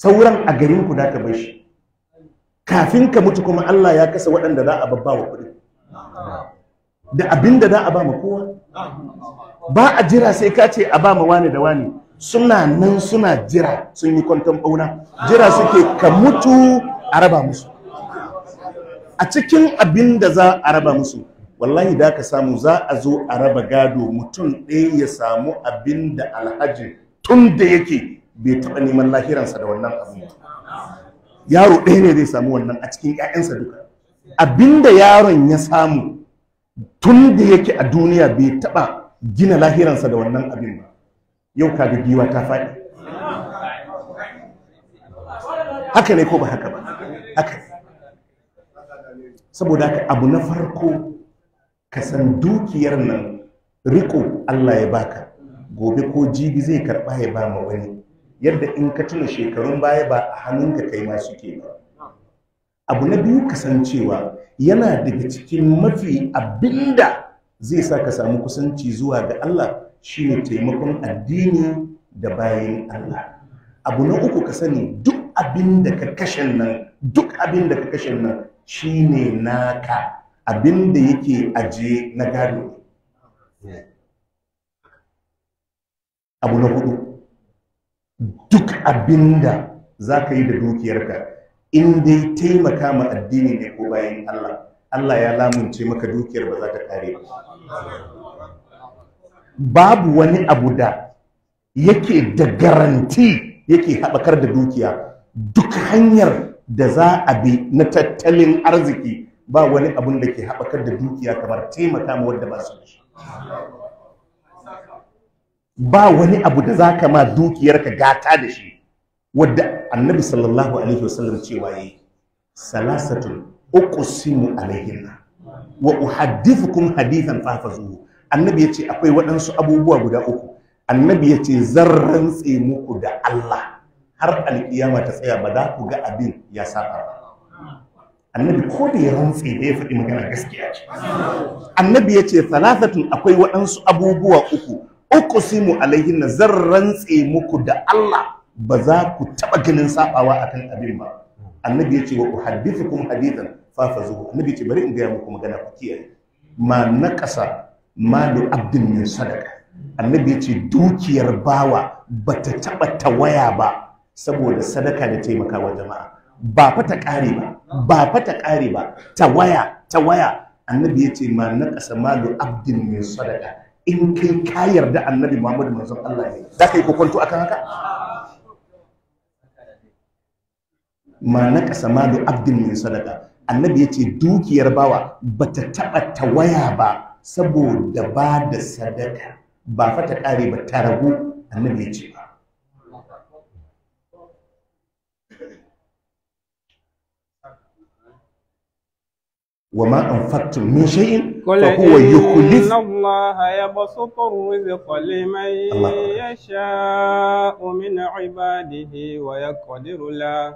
sauran a garinku ku da ka bai shi kafin ka mutu kuma Allah ya kasa waɗanda za a babba wa kuɗi da abin da za a ba ma kowa ba a jira sai ka ce a ba ma wani da wani suna nan suna jira sun yi kwanton ɓauna jira suke ka mutu a raba musu a cikin abin da za a raba musu wallahi da ka samu za a zo a raba gado mutum ɗaya ya samu abin da alhaji tun da yake bai taɓa neman lahiransa da wannan abu yaro ɗaya ne zai samu wannan a cikin 'ya'yansa duka abinda yaron ya samu tun da yake a duniya bai taɓa gina lahiransa da wannan abin ba yau kaga giwa ta faɗi haka ne ko ba haka ba haka saboda haka abu na farko ka san dukiyar nan riko Allah ya baka gobe ko jibi zai karɓa ya ba ma wani yadda in ka tuna shekarun baya ba a hannunka kai ma suke ba abu na biyu kasancewa yana daga cikin mafi abinda zai sa ka samu kusanci zuwa ga Allah shine taimakon addini da bayan Allah abu na uku ka sani duk abin da ka kashe nan duk abin da ka kashe nan shine naka abin da yake aje na gado abu na hudu duk abinda za ka yi da dukiyarka in dai taimaka ma addini ne ko bayan Allah Allah ya lamunce maka dukiyar ba za ka kare ba babu wani abu da yake da garanti yake haɓakar da dukiya duk hanyar da za a bi na tattalin arziki ba wani abun da ke haɓakar da dukiya kamar taimaka ma wadda ba su da ba wani abu da za ka ma dukiyarka gata da shi wadda annabi sallallahu alaihi wasallam cewa yi salasatun uqsimu alaihinna wa uhaddithukum hadithan fahfazuhu annabi yace akwai waɗansu abubuwa guda uku annabi yace zan rantse muku da Allah har alkiyama ta tsaya ba za ku ga abin ya saba ba annabi ko da ya rantse da ya faɗi magana gaskiya ce annabi yace salasatun akwai waɗansu abubuwa uku uqsimu alaihin zan rantse muku da Allah ba za ku taba ganin sabawa akan abin ba annabi yace wa uhaddithukum hadithan fa fazuhu annabi yace bari in ga muku magana ku kiyaye ma naqasa malu abdin min sadaka annabi yace dukiyar bawa bata taba waya ba saboda sadaka da taimakawa jama'a ba fa ta ƙare ba ba fa ta ƙare ba ta waya ta waya annabi ya ce ma na ƙasa malu abdin min sadaka in kai ka yarda annabi Muhammadu manzon Allah ne za ka yi kokonto kan haka ma na ƙasa ma da abdin min sadaka annabi ya ce dukiyar bawa ba ta taɓa ta waya ba saboda ba da sadaka ba fata ƙare ba ta ragu annabi ya ce وما أنفقتم من شيء فهو يخلف إن الله يبسط الرزق لمن يشاء من عباده ويقدر له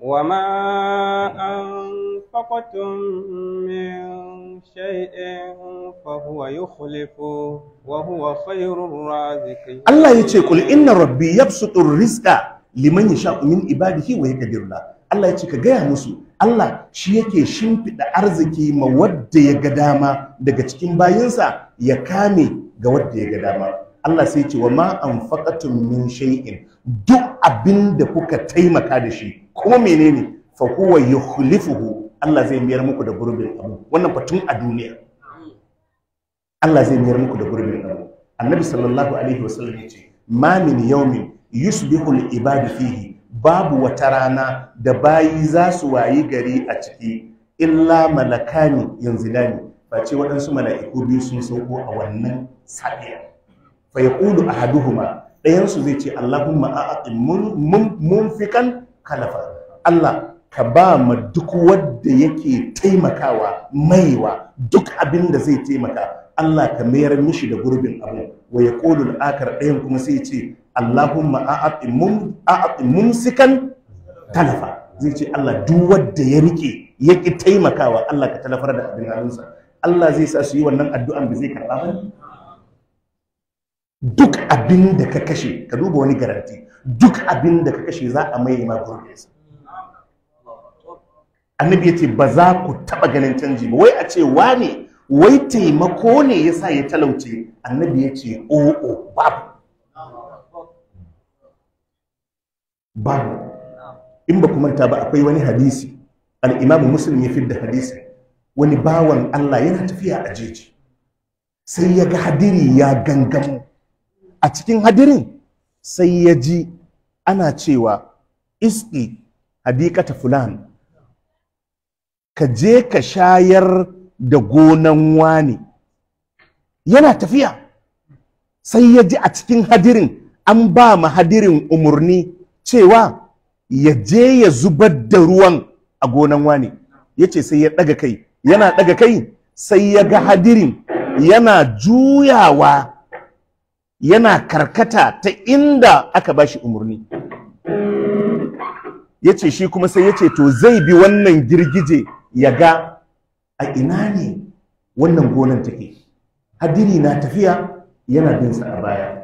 وما أنفقتم من شيء فهو يخلف وهو خير الرازق الله يقول إن ربي يبسط الرزق لمن يشاء من عباده ويقدر له الله يقول Allah ya ce Allah shi yake shimfiɗa arziki ma wadda ya ga dama daga cikin bayinsa ya kame ga wadda ya ga dama Allah sai ce wa ma faƙatun min shay'in duk abin da kuka taimaka da shi kuma menene fa huwa yukhlifuhu Allah zai miyar muku da gurbin abu wannan fa tun a duniya Allah zai miyar muku da gurbin abu Annabi sallallahu alaihi wasallam ya ce ma min yawmin yusbihu al-ibadu fihi babu wata rana da bayi za su wayi gari a ciki illa malakani yanzu ne, ba ce waɗansu mala'iku biyu sun sauko a wannan safiya fa ya ƙudu a huma ɗayansu zai ce Allahumma fi munfikan kalafa Allah ka ba ma duk wadda yake taimakawa maiwa duk abin da zai taimaka Allah ka mayar mishi da gurbin abu wa ya ƙudu la'akar ɗayan kuma sai ce Allahumma a'atil mum a'atil mumsikan talafa zai ce Allah duk wanda ya rike ya ki taimakawa Allah ka talafar da abin hannunsa Allah zai sa su yi wannan addu'an da zai karɓa ba duk abin da ka kashe ka duba wani garanti duk abin da ka kashe za a mai ma gurbinsa annabi ya ce ba za ku taɓa ganin canji ba wai a ce wane wai taimako ne yasa ya talauce annabi ya ce o'o oh, oh, babu ba in ba manta ba akwai wani hadisi al'imamu muslim ya fi da hadisi wani bawan Allah yana tafiya a jeji sai ya ga hadiri ya gangamu a cikin hadirin sai ya ji ana cewa iski hadikata fulan ka je ka shayar da gonan wani yana tafiya sai ya ji a cikin hadirin an ba ma hadirin umurni. cewa ya je ya zubar da ruwan a gonan wani ya ce sai ya ɗaga kai yana ɗaga kai sai ya ga hadirin yana juyawa yana karkata ta inda aka ba shi umarni ya ce shi kuma sai ya ce to zai bi wannan girgije ya ga a ina ne wannan gonan take hadiri na tafiya yana binsa a baya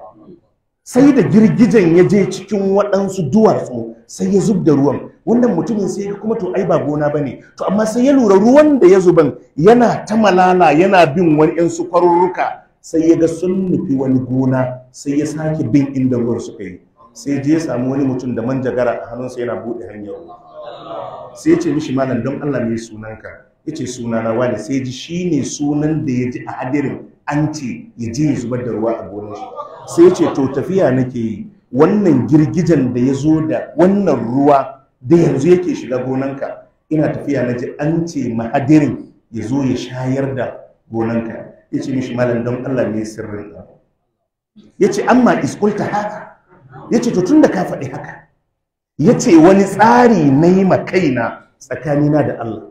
sai da girgijen ya je cikin waɗansu duwatsu sai ya zub da ruwan wannan mutumin sai ya kuma to ai ba gona ba ne to amma sai ya lura ruwan da ya zuban yana ta malala yana bin wani yan su kwarurruka sai ya ga sun nufi wani gona sai ya sake bin inda ruwan suka yi sai je ya samu wani mutum da manjagara a hannunsa yana buɗe hanyar sai ya ce mishi malam don Allah mai sunanka ya ce sunana wani sai ya ji shine sunan da ya ji a hadirin an ce ya je ya zubar da ruwa a gonar shi sai ce to tafiya nake yi wannan girgijen da ya zo da wannan ruwa da yanzu yake shiga gonanka ina tafiya na ji an ce mahadirin ya zo ya shayar da gonanka ya ce mishi malam don Allah ne sirrin ka ya ce amma iskulta haka ya ce to tun da ka faɗi haka ya ce wani tsari na yi makaina tsakanina da Allah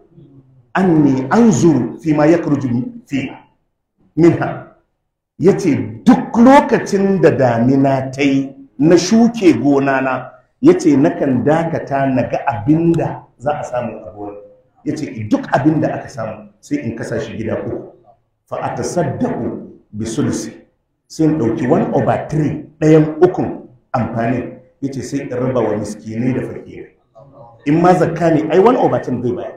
an ne an zuru fi ma ya fi minha ya ce duk lokacin da damina ta yi na shuke gonana ya ce nakan dakata na ga abin da za a samu a gona ya ce duk abin da aka samu sai in kasa shi gida ko, fa a ta saddaku bi sulusi sai in ɗauki one over three ɗayan ukun amfanin ya ce sai in raba wa miskinai da fakirai in ma zakka ne ai one over ten zai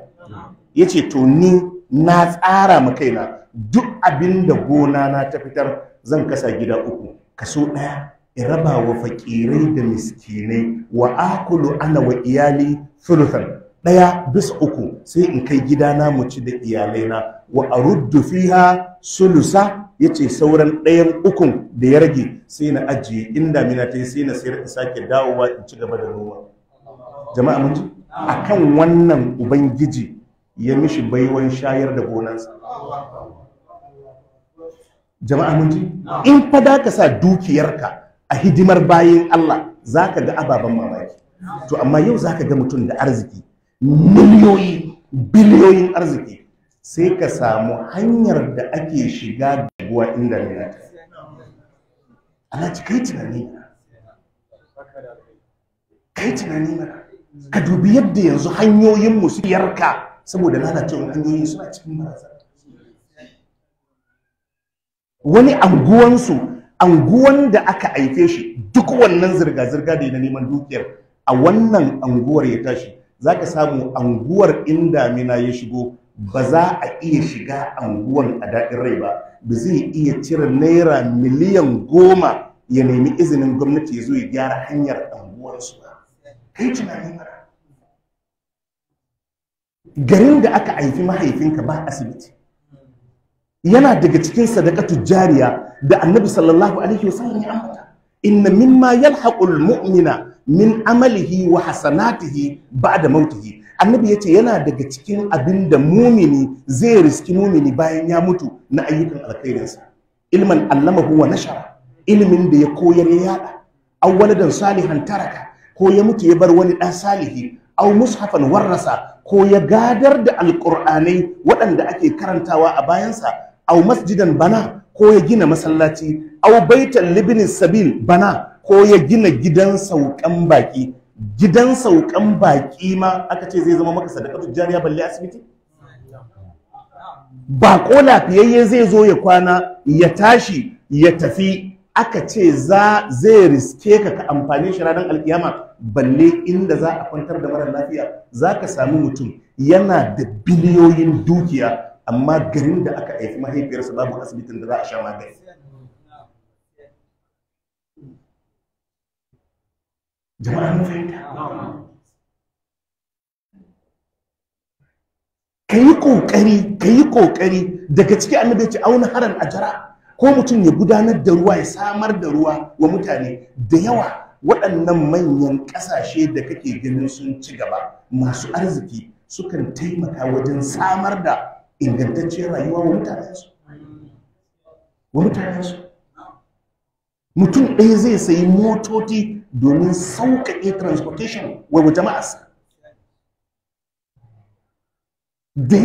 ya ce to ni na tsara ma kaina duk abinda gona na ta fitar zan kasa gida uku kaso ɗaya in raba wa faƙirai da miskinai wa akulu ana wa iyali thuluthan ɗaya bisa uku sai in kai na mu ci da iyalai na, wa a ruddu fiha sulusa ya ce sauran ɗayan ukun da ya rage sai na ajiye inda mina ta yi sai na sayar in sake dawowa in ci gaba da noma jama'a mun ji akan wannan ubangiji ya mishi baiwan shayar da gonansa jama'a mun ji in fa da ka sa dukiyarka a hidimar bayin Allah za ka ga ababen mamaki to amma yau za ka ga mutum da arziki miliyoyi biliyoyin arziki sai ka samu hanyar da ake shiga guguwa inda ne ana ci kai tunani kai tunani mara. ka dubi yadda yanzu hanyoyin musiyarka saboda lalacewar hanyoyin suna cikin marasa wani anguwansu anguwan da aka haife shi duk wannan zirga-zirga da na neman dukiyar a wannan anguwar ya tashi za ka samu anguwar in damina ya shigo ba za a iya shiga anguwan a daɗin rai ba ba zai iya cire naira miliyan goma ya nemi izinin gwamnati ya zo ya gyara hanyar anguwarsu ba kai tunanin garin da aka haifi mahaifinka ba asibiti yana daga cikin sadaqatu jariya da annabi sallallahu alaihi wasallam ya ambata inna mimma yalhaqul mu'mina min amalihi wa hasanatihi ba'da mautihi annabi yace yana daga cikin abinda mumini zai riski mumini bayan ya mutu na ayyukan alkhairinsa ilman allamahu wa nashara ilmin da ya koyar ya yada aw waladan salihan taraka ko ya mutu ya bar wani dan salihi aw mushafan warrasa ko ya gadar da alqur'anai waɗanda ake karantawa a bayansa au masjidan bana ko ya gina masallaci au baitan libni sabil bana ko ya gina gidan saukan baki gidan saukan baki ma aka ce zai zama maka sadaka, jariya balle asibiti ba ko lafiyayye zai zo ya kwana ya tashi ya tafi aka ce za zai riske ka ka amfani shi ranar alkiyama balle inda za a kwantar da mara lafiya za ka sami mutum yana da biliyoyin dukiya amma garin da aka haifi mahaifiyarsa babu asibitin da za a sha magani jama'a mun fahimta ka yi ƙoƙari ka yi ƙoƙari daga ciki annabi ce auna haran jara, ko mutum ya gudanar da ruwa ya samar da ruwa wa mutane da yawa waɗannan manyan ƙasashe da kake ganin sun ci gaba masu arziki sukan taimaka wajen samar da ingantacciyar rayuwa wa mutanensu wa mutanensu mutum ɗaya zai sayi motoci domin sauƙaƙe transportation wa jama'arsa da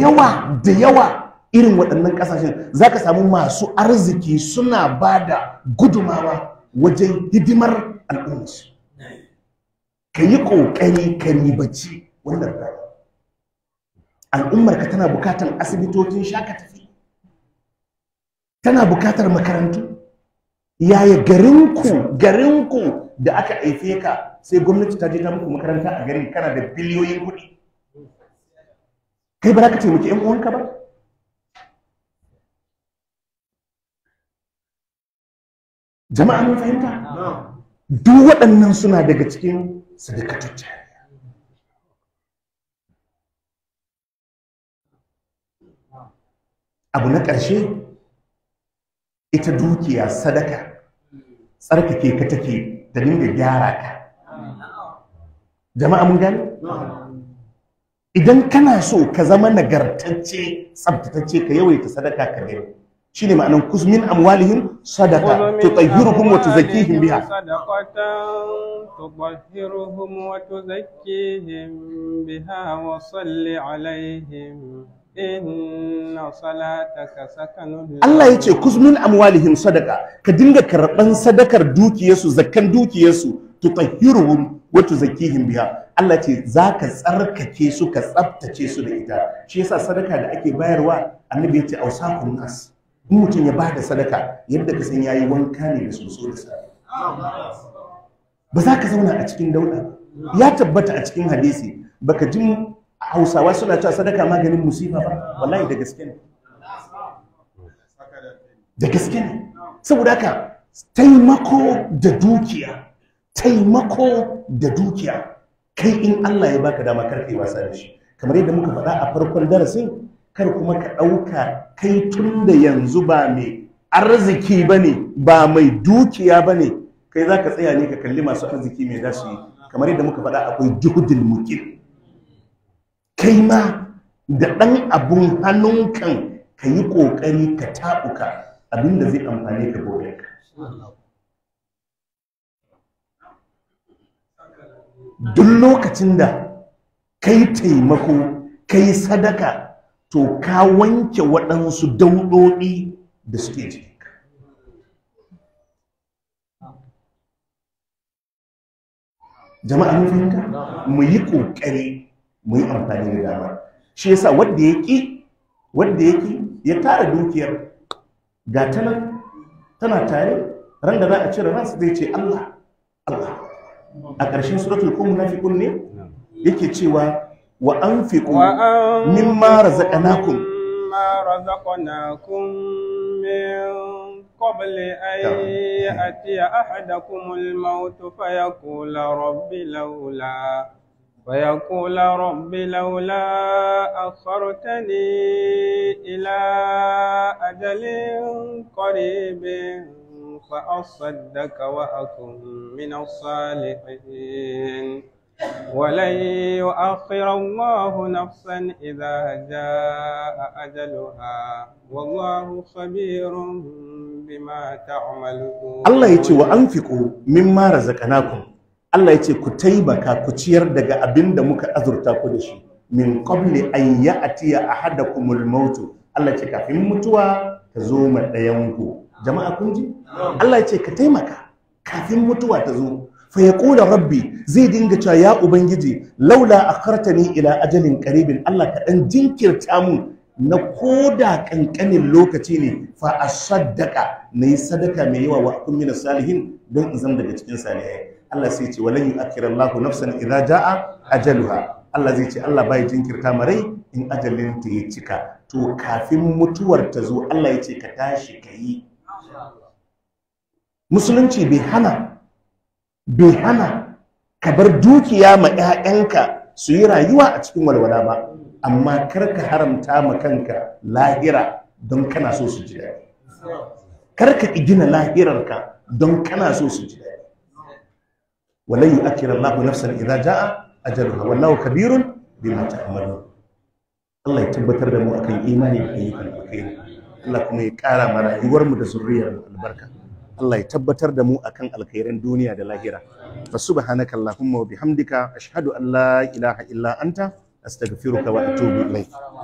yawa irin waɗannan ƙasashen za ka samu masu arziki suna ba da gudumawa wajen hidimar al'ummarsu ka yi ƙoƙari ka ribaci wannan rayuwa al'ummarka tana bukatar asibitocin shaka tana bukatar makarantu yaya garinku garinku da aka aife ka sai gwamnati ta je ta muku makaranta a garin kana da biliyoyin kuɗi kai ba za ka taimaki 'yan uwanka ba jama'a mun fahimta duk waɗannan suna daga cikin tutta. abu na ƙarshe ita dukiya sadaka tsarkake ka take da dinga gyara ka jama'a mun gani idan kana so ka zama nagartacce tsabtatacce ka yawaita sadaka ka gani shine ma'anin Kusmin, amwalihin sadaka tutahhiruhum wa tuzakkihim biha tutahhiruhum wa tuzakkihim wa salli alaihim Allah ya ce kuzmin amwalihim sadaka ka dinga karɓan sadakar dukiyarsu zakkan dukiyarsu tahiruhum wa tuzakkihim biha Allah ce ka tsarkake su ka tsaftace su da ita shi yasa sadaka da ake bayarwa annabi ya ce ausakun nas in mutum ya bada sadaka yadda ka san yayi wanka ne da soso da safe ba za ka zauna a cikin dauda ya tabbata a cikin hadisi baka ji hausawa suna cewa sadaka maganin musifa ba wallahi da gaske ne da gaske ne saboda haka taimako da dukiya taimako da dukiya kai in Allah ya baka dama karfe wasa da shi kamar yadda muka faɗa a farkon darasin kar kuma ka ɗauka kai tun da yanzu ba mai arziki ba ne ba mai dukiya ba ne kai za ka tsaya ne ka kalli masu arziki mai dashi kamar yadda muka faɗa akwai juhudin mukil kai ma da ɗan abun hannunkan ka yi ƙoƙari ka taɓuka abinda zai amfani ka gobe ka duk lokacin da kai taimako kai sadaka to ka wanke waɗansu daudodi da suke jikinka jama'a mun fahimta mu yi ƙoƙari mu yi amfani da dama shi yasa wanda ya ki wanda ya ki ya tara dukiyar ga ta nan tana tare ran da za a cire ransa zai ce Allah Allah a ƙarshen suratul munafiqun ne yake cewa wa anfiqu mimma razaqnakum mimma razaqnakum min قبل أن يأتي أحدكم الموت فيقول رب لولا ويقول رب لولا أخرتني إلى أجل قريب فأصدق وأكن من الصالحين ولن يؤخر الله نفسا إذا جاء أجلها والله خبير بما تعملون الله يتوى وأنفقوا مما رزقناكم Allah ya ce ku taimaka ku ciyar daga abin da muka azurta ku da shi min qabli an ya ahadakumul maut Allah ya ce kafin mutuwa ta zo ma ɗayan ku jama'a kun ji Allah ya ce ka taimaka kafin mutuwa ta zo fa yaqulu rabbi zai dinga cewa ya ubangiji laula akhartani ila ajalin qaribin Allah ka dan jinkirta mu na koda kankanin lokaci ne fa asaddaka nayi sadaka mai yawa wa kun min salihin don in zama daga cikin salihai Allah sai ce walan yu'akhiru Allahu nafsan idan jaa ajaluha Allah zai ce Allah bai jinkirta marai in ajalin ta ya cika to kafin mutuwar ta zo Allah ya ce ka tashi ka yi. musulunci bai hana bai hana ka bar dukiya ma 'ya'yanka su yi rayuwa a cikin walwala ba amma kar ka haramta ma kanka lahira don kana so su ji daɗi kar ka igina lahirarka don kana so su ji daɗi walan yu'akhir Allahu nafsan idza jaa ajaluha wallahu kabirun bima ta'malun Allah ya tabbatar da mu akan imani da ayyukan alkhairi Allah kuma ya kara mana rayuwar mu da zurriyar mu albarka Allah ya tabbatar da mu akan alkhairan duniya da lahira fa subhanaka allahumma wa bihamdika ashhadu an la ilaha illa anta astaghfiruka wa atubu ilayk